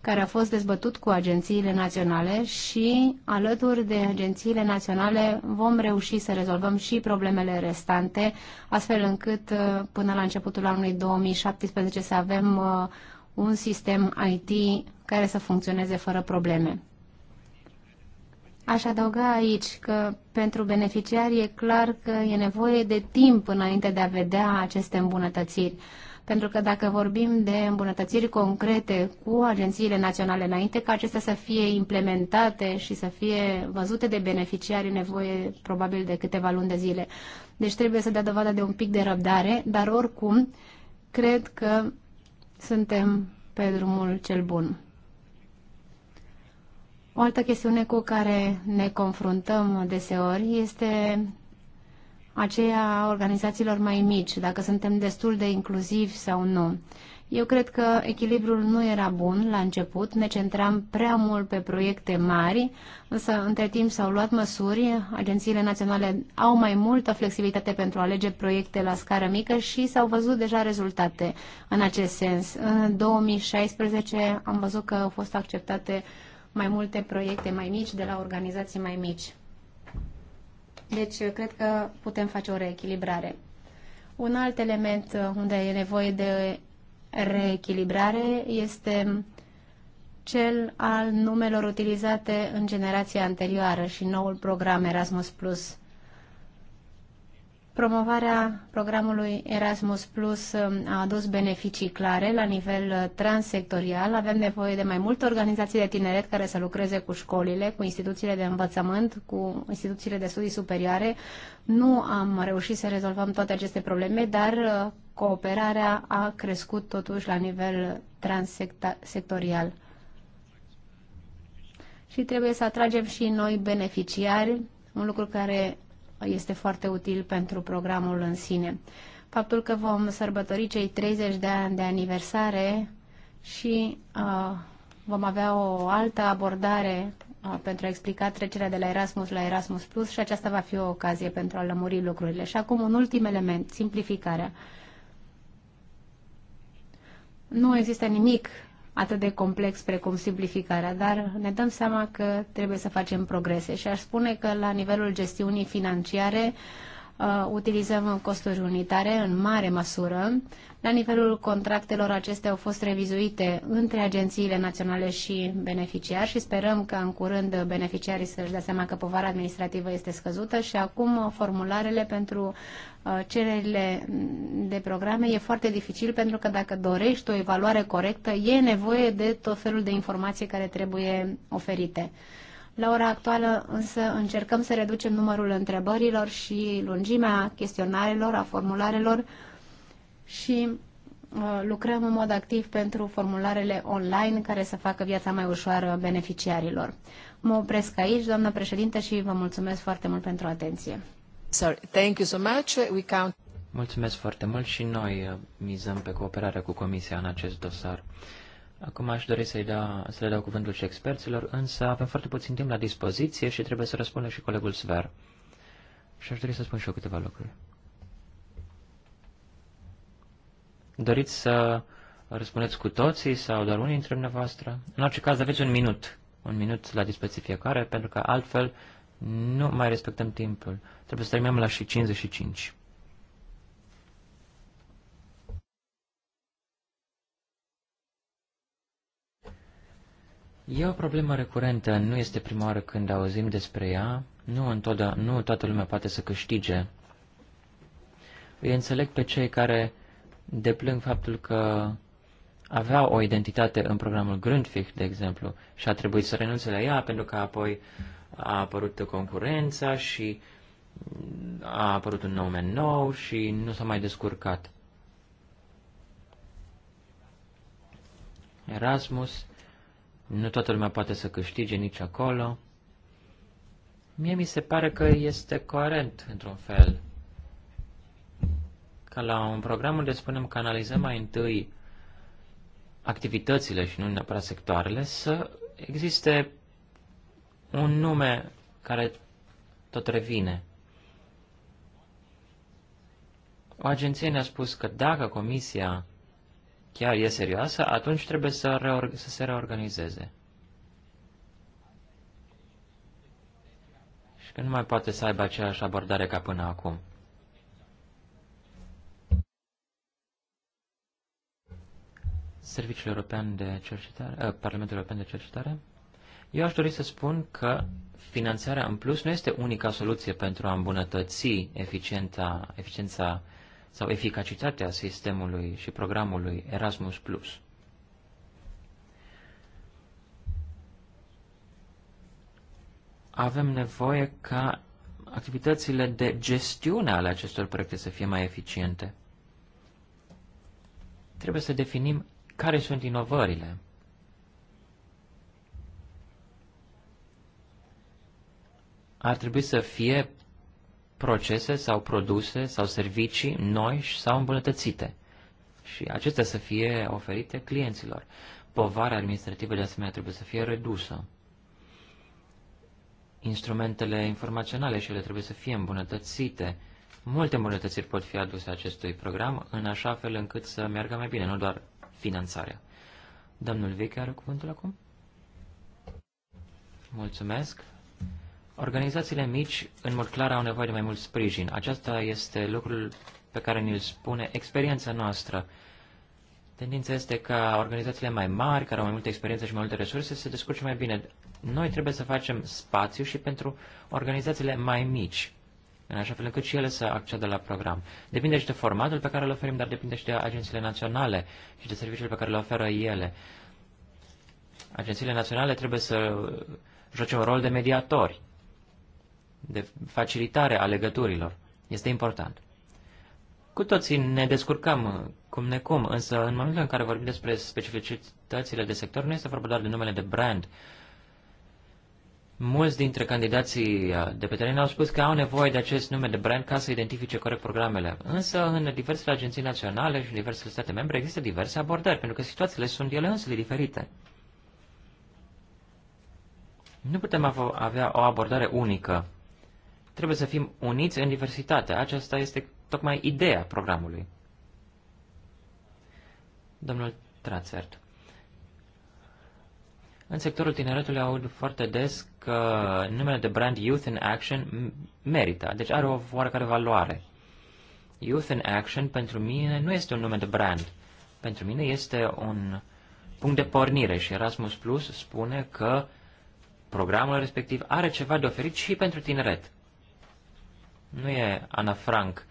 care a fost dezbătut cu agențiile naționale și alături de agențiile naționale vom reuși să rezolvăm și problemele restante, astfel încât uh, până la începutul anului 2017 să avem uh, un sistem IT care să funcționeze fără probleme. Aș adăuga aici că pentru beneficiari e clar că e nevoie de timp înainte de a vedea aceste îmbunătățiri. Pentru că dacă vorbim de îmbunătățiri concrete cu agențiile naționale înainte ca acestea să fie implementate și să fie văzute de beneficiari nevoie probabil de câteva luni de zile. Deci trebuie să dea dovadă de un pic de răbdare, dar oricum cred că suntem pe drumul cel bun. O altă chestiune cu care ne confruntăm deseori este aceea a organizațiilor mai mici, dacă suntem destul de inclusivi sau nu. Eu cred că echilibrul nu era bun la început, ne centram prea mult pe proiecte mari, însă între timp s-au luat măsuri, agențiile naționale au mai multă flexibilitate pentru a alege proiecte la scară mică și s-au văzut deja rezultate în acest sens. În 2016 am văzut că au fost acceptate mai multe proiecte mai mici de la organizații mai mici. Deci, cred că putem face o reechilibrare. Un alt element uh, unde e nevoie de reechilibrare este cel al numelor utilizate în generația anterioară și noul program Erasmus+. Promovarea programului Erasmus Plus um, a adus beneficii clare la nivel uh, transsectorial. Avem nevoie de mai multe organizații de tineret care să lucreze cu școlile, cu instituțiile de învățământ, cu instituțiile de studii superioare. Nu am reușit să rezolvăm toate aceste probleme, dar uh, cooperarea a crescut totuși la nivel transsectorial. Și trebuie să atragem și noi beneficiari, un lucru care este foarte util pentru programul în sine. Faptul că vom sărbători cei 30 de ani de aniversare și uh, vom avea o altă abordare uh, pentru a explica trecerea de la Erasmus la Erasmus Plus și aceasta va fi o ocazie pentru a lămuri lucrurile. Și acum un ultim element, simplificarea. Nu există nimic atât de complex precum simplificarea, dar ne dăm seama că trebuie să facem progrese și aș spune că la nivelul gestiunii financiare uh, utilizăm costuri unitare în mare măsură. La nivelul contractelor acestea au fost revizuite între agențiile naționale și beneficiari și sperăm că în curând beneficiarii să-și dea seama că povara administrativă este scăzută și acum formularele pentru Uh, cererile de programe e foarte dificil pentru că dacă dorești o evaluare corectă, e nevoie de tot felul de informații care trebuie oferite. La ora actuală însă încercăm să reducem numărul întrebărilor și lungimea chestionarelor, a formularelor și uh, lucrăm în mod activ pentru formularele online care să facă viața mai ușoară beneficiarilor. Mă opresc aici, doamnă președinte, și vă mulțumesc foarte mult pentru atenție. Sorry. Thank you so much. We count... Mulțumesc foarte mult și noi uh, mizăm pe cooperarea cu Comisia în acest dosar. Acum aș dori să-i da, să le dau cuvântul și experților, însă avem foarte puțin timp la dispoziție și trebuie să răspundă și colegul Sver. Și aș dori să spun și eu câteva lucruri. Doriți să răspundeți cu toții sau doar unii dintre dumneavoastră? În orice caz aveți un minut, un minut la dispoziție fiecare, pentru că altfel nu mai respectăm timpul. Trebuie să terminăm la și 55. E o problemă recurentă, nu este prima oară când auzim despre ea, nu, nu toată lumea poate să câștige. Îi înțeleg pe cei care deplâng faptul că aveau o identitate în programul Grundfich, de exemplu, și a trebuit să renunțe la ea pentru că apoi uh, a apărut concurența și a apărut un nume nou și nu s-a mai descurcat. Erasmus, nu toată lumea poate să câștige nici acolo. Mie mi se pare că este coerent într-un fel. Ca la un program unde spunem că analizăm mai întâi activitățile și nu neapărat sectoarele, să existe un nume care tot revine. O agenție ne-a spus că dacă comisia chiar e serioasă, atunci trebuie să, reor- să se reorganizeze. Și că nu mai poate să aibă aceeași abordare ca până acum. Serviciul European de Cercetare, uh, Parlamentul European de Cercetare eu aș dori să spun că finanțarea în plus nu este unica soluție pentru a îmbunătăți eficienta, eficiența sau eficacitatea sistemului și programului Erasmus+. Plus. Avem nevoie ca activitățile de gestiune ale acestor proiecte să fie mai eficiente. Trebuie să definim care sunt inovările ar trebui să fie procese sau produse sau servicii noi sau îmbunătățite și acestea să fie oferite clienților. Povara administrativă de asemenea trebuie să fie redusă. Instrumentele informaționale și ele trebuie să fie îmbunătățite. Multe îmbunătățiri pot fi aduse acestui program în așa fel încât să meargă mai bine, nu doar finanțarea. Domnul Vic are cuvântul acum? Mulțumesc. Organizațiile mici, în mod clar, au nevoie de mai mult sprijin. Aceasta este lucrul pe care ne-l spune experiența noastră. Tendința este ca organizațiile mai mari, care au mai multă experiență și mai multe resurse, să se descurce mai bine. Noi trebuie să facem spațiu și pentru organizațiile mai mici, în așa fel încât și ele să acceadă la program. Depinde și de formatul pe care îl oferim, dar depinde și de agențiile naționale și de serviciile pe care le oferă ele. Agențiile naționale trebuie să joace un rol de mediatori de facilitare a legăturilor. Este important. Cu toții ne descurcăm uh, cum ne cum, însă în momentul în care vorbim despre specificitățile de sector, nu este vorba doar de numele de brand. Mulți dintre candidații uh, de pe teren au spus că au nevoie de acest nume de brand ca să identifice corect programele. Însă, în diversele agenții naționale și în diversele state membre există diverse abordări, pentru că situațiile sunt ele însele diferite. Nu putem avea o abordare unică Trebuie să fim uniți în diversitate. Aceasta este tocmai ideea programului. Domnul Trațert. În sectorul tineretului aud foarte des că numele de brand Youth in Action merită, deci are o oarecare valoare. Youth in Action pentru mine nu este un nume de brand. Pentru mine este un punct de pornire și Erasmus Plus spune că programul respectiv are ceva de oferit și pentru tineret. Nu e Ana Frank,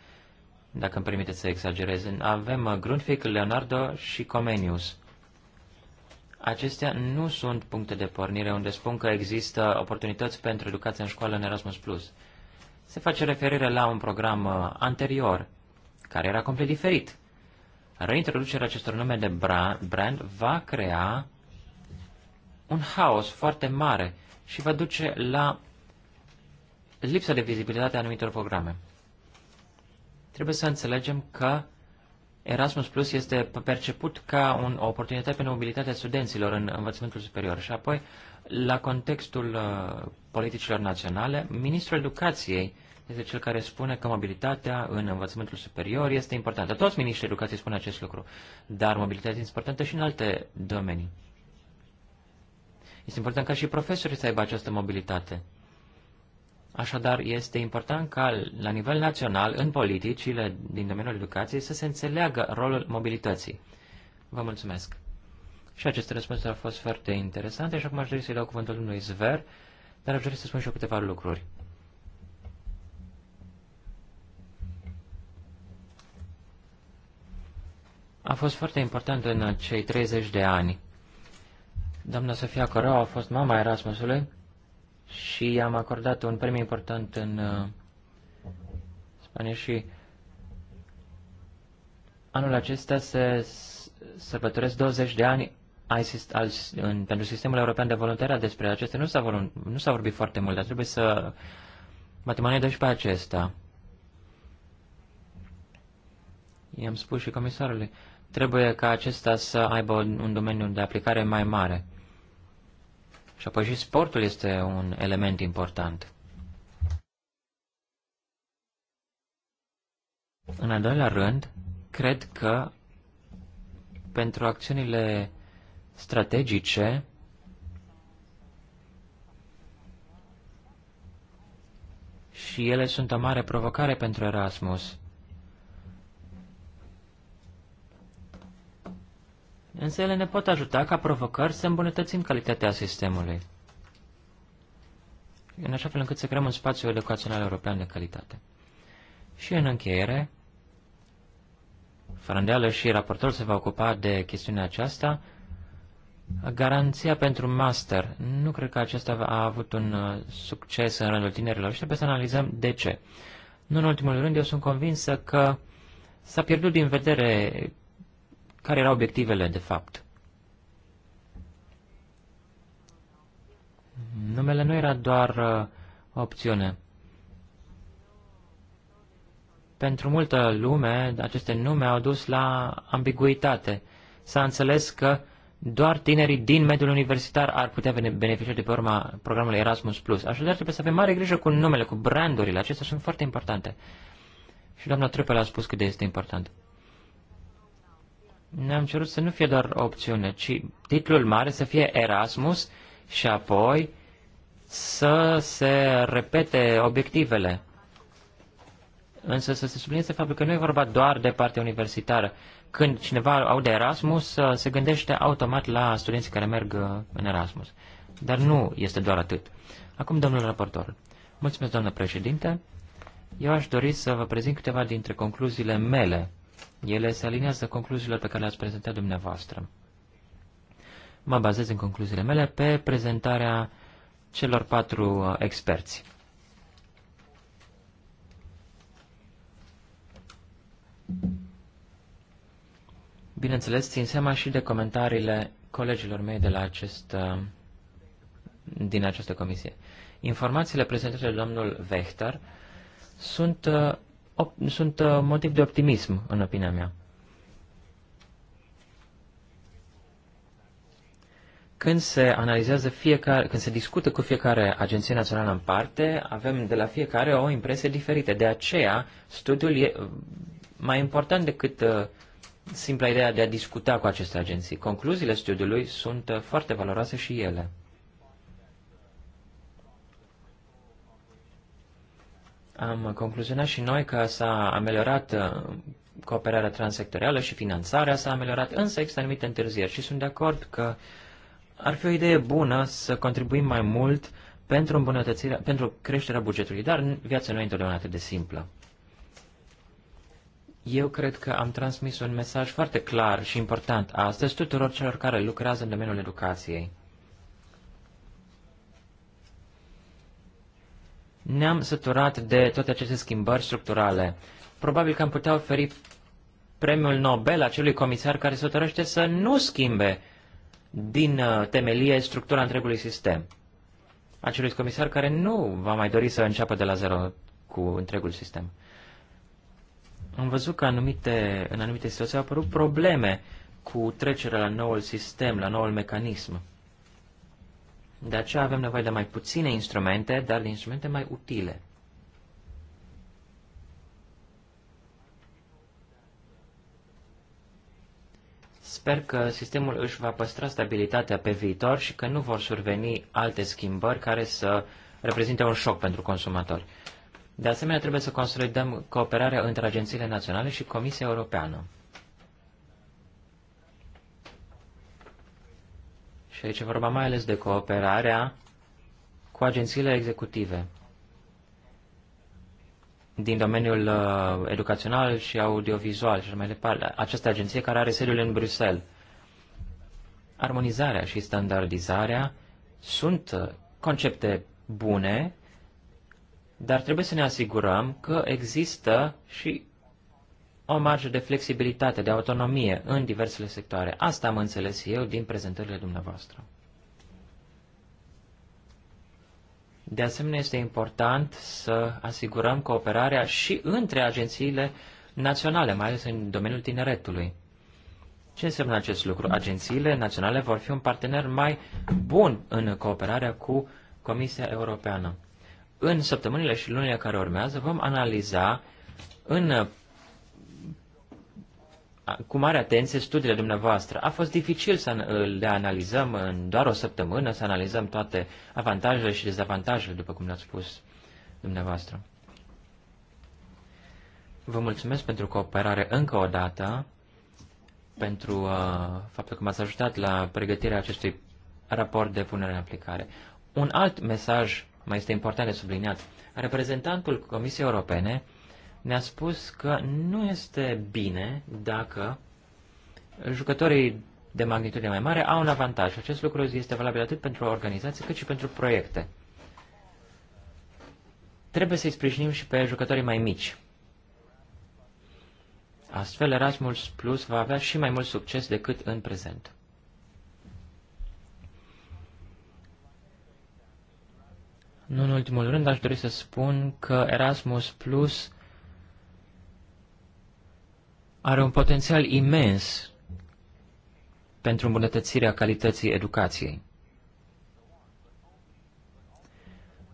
dacă îmi permiteți să exagerez. Avem uh, Grundtvig, Leonardo și Comenius. Acestea nu sunt puncte de pornire unde spun că există oportunități pentru educație în școală în Erasmus+. Plus. Se face referire la un program uh, anterior, care era complet diferit. Reintroducerea acestor nume de brand va crea un haos foarte mare și va duce la lipsa de vizibilitate a anumitor programe. Trebuie să înțelegem că Erasmus Plus este perceput ca un, o oportunitate pentru mobilitatea studenților în învățământul superior. Și apoi, la contextul uh, politicilor naționale, Ministrul Educației este cel care spune că mobilitatea în învățământul superior este importantă. Toți ministrii educației spun acest lucru, dar mobilitatea este importantă și în alte domenii. Este important ca și profesorii să aibă această mobilitate. Așadar, este important ca la nivel național, în politicile din domeniul educației, să se înțeleagă rolul mobilității. Vă mulțumesc! Și aceste răspunsuri au fost foarte interesante și acum aș dori să-i dau cuvântul lui Zver, dar aș dori să spun și eu câteva lucruri. A fost foarte important în cei 30 de ani. Doamna Sofia Corau a fost mama Erasmusului și am acordat un premiu important în uh, Spania și anul acesta se sărbătoresc 20 de ani ai, al, în, pentru sistemul european de voluntariat despre acestea. Nu s-a, nu s-a vorbit foarte mult, dar trebuie să matematia și pe acesta. I-am spus și comisarului, trebuie ca acesta să aibă un domeniu de aplicare mai mare. Și apoi și sportul este un element important. În al doilea rând, cred că pentru acțiunile strategice și ele sunt o mare provocare pentru Erasmus. însă ele ne pot ajuta ca provocări să îmbunătățim calitatea sistemului, în așa fel încât să creăm un spațiu educațional european de calitate. Și în încheiere, fără îndeală și raportorul se va ocupa de chestiunea aceasta, Garanția pentru master. Nu cred că acesta a avut un uh, succes în rândul tinerilor și trebuie să analizăm de ce. Nu în ultimul rând, eu sunt convinsă că s-a pierdut din vedere care erau obiectivele, de fapt? Numele nu era doar uh, opțiune. Pentru multă lume, aceste nume au dus la ambiguitate. S-a înțeles că doar tinerii din mediul universitar ar putea beneficia de pe urma programului Erasmus+. Așadar, trebuie să avem mare grijă cu numele, cu brandurile. Acestea sunt foarte importante. Și doamna Trepel a spus cât de este important ne-am cerut să nu fie doar o opțiune, ci titlul mare să fie Erasmus și apoi să se repete obiectivele. Însă să se sublinieze faptul că nu e vorba doar de partea universitară. Când cineva aude Erasmus, uh, se gândește automat la studenții care merg uh, în Erasmus. Dar nu este doar atât. Acum, domnul raportor. Mulțumesc, doamnă președinte. Eu aș dori să vă prezint câteva dintre concluziile mele ele se alinează concluziilor pe care le-ați prezentat dumneavoastră. Mă bazez în concluziile mele pe prezentarea celor patru uh, experți. Bineînțeles, țin seama și de comentariile colegilor mei de la acest, uh, din această comisie. Informațiile prezentate de domnul Vechter sunt uh, sunt uh, motiv de optimism, în opinia mea. Când se analizează fiecare, când se discută cu fiecare agenție națională în parte, avem de la fiecare o impresie diferită. De aceea, studiul e uh, mai important decât uh, simpla ideea de a discuta cu aceste agenții. Concluziile studiului sunt foarte valoroase și ele. Am concluzionat și noi că s-a ameliorat uh, cooperarea transsectorială și finanțarea s-a ameliorat, însă există anumite întârzieri și sunt de acord că ar fi o idee bună să contribuim mai mult pentru, îmbunătățirea, pentru creșterea bugetului, dar viața nu e întotdeauna atât de simplă. Eu cred că am transmis un mesaj foarte clar și important astăzi tuturor celor care lucrează în domeniul educației. Ne-am săturat de toate aceste schimbări structurale. Probabil că am putea oferi premiul Nobel acelui comisar care se hotărăște să nu schimbe din uh, temelie structura întregului sistem. Acelui comisar care nu va mai dori să înceapă de la zero cu întregul sistem. Am văzut că anumite, în anumite situații au apărut probleme cu trecerea la noul sistem, la noul mecanism. De aceea avem nevoie de mai puține instrumente, dar de instrumente mai utile. Sper că sistemul își va păstra stabilitatea pe viitor și că nu vor surveni alte schimbări care să reprezinte un șoc pentru consumatori. De asemenea, trebuie să consolidăm cooperarea între agențiile naționale și Comisia Europeană. Și aici vorba mai ales de cooperarea cu agențiile executive din domeniul uh, educațional și audiovizual și mai departe. Această agenție care are sediul în Bruxelles. Armonizarea și standardizarea sunt uh, concepte bune, dar trebuie să ne asigurăm că există și o marjă de flexibilitate, de autonomie în diversele sectoare. Asta am înțeles eu din prezentările dumneavoastră. De asemenea, este important să asigurăm cooperarea și între agențiile naționale, mai ales în domeniul tineretului. Ce înseamnă acest lucru? Agențiile naționale vor fi un partener mai bun în cooperarea cu Comisia Europeană. În săptămânile și lunile care urmează vom analiza în cu mare atenție studiile dumneavoastră. A fost dificil să le analizăm în doar o săptămână, să analizăm toate avantajele și dezavantajele, după cum le-ați spus dumneavoastră. Vă mulțumesc pentru cooperare încă o dată, pentru uh, faptul că m-ați ajutat la pregătirea acestui raport de punere în aplicare. Un alt mesaj mai este important de subliniat. Reprezentantul Comisiei Europene ne-a spus că nu este bine dacă jucătorii de magnitudine mai mare au un avantaj. acest lucru este valabil atât pentru organizații cât și pentru proiecte. Trebuie să-i sprijinim și pe jucătorii mai mici. Astfel, Erasmus Plus va avea și mai mult succes decât în prezent. Nu în ultimul rând, aș dori să spun că Erasmus Plus are un potențial imens pentru îmbunătățirea calității educației.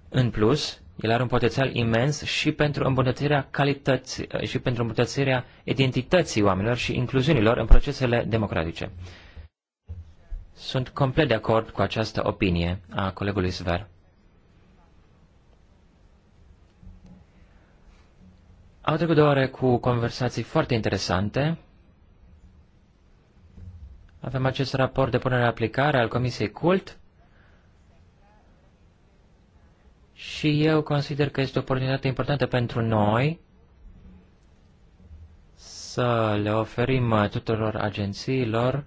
În plus, el are un potențial imens și pentru îmbunătățirea calității uh, și pentru îmbunătățirea identității oamenilor și incluziunilor în procesele democratice. Sunt complet de acord cu această opinie a colegului Sver. Au trecut două ore cu conversații foarte interesante. Avem acest raport de punere în aplicare al Comisiei CULT și eu consider că este o oportunitate importantă pentru noi să le oferim tuturor agențiilor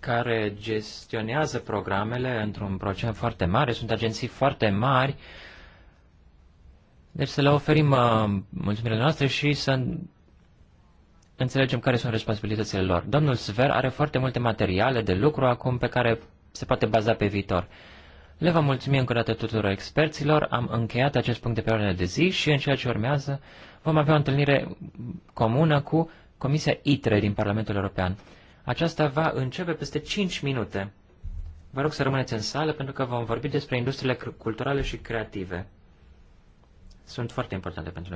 care gestionează programele într-un procent foarte mare, sunt agenții foarte mari deci să le oferim uh, mulțumirea noastră și să înțelegem care sunt responsabilitățile lor. Domnul Sver are foarte multe materiale de lucru acum pe care se poate baza pe viitor. Le vă mulțumim încă o dată tuturor experților, am încheiat acest punct de pe ordine de zi și în ceea ce urmează vom avea o întâlnire comună cu Comisia ITRE din Parlamentul European. Aceasta va începe peste 5 minute. Vă rog să rămâneți în sală pentru că vom vorbi despre industriile culturale și creative sunt foarte importante pentru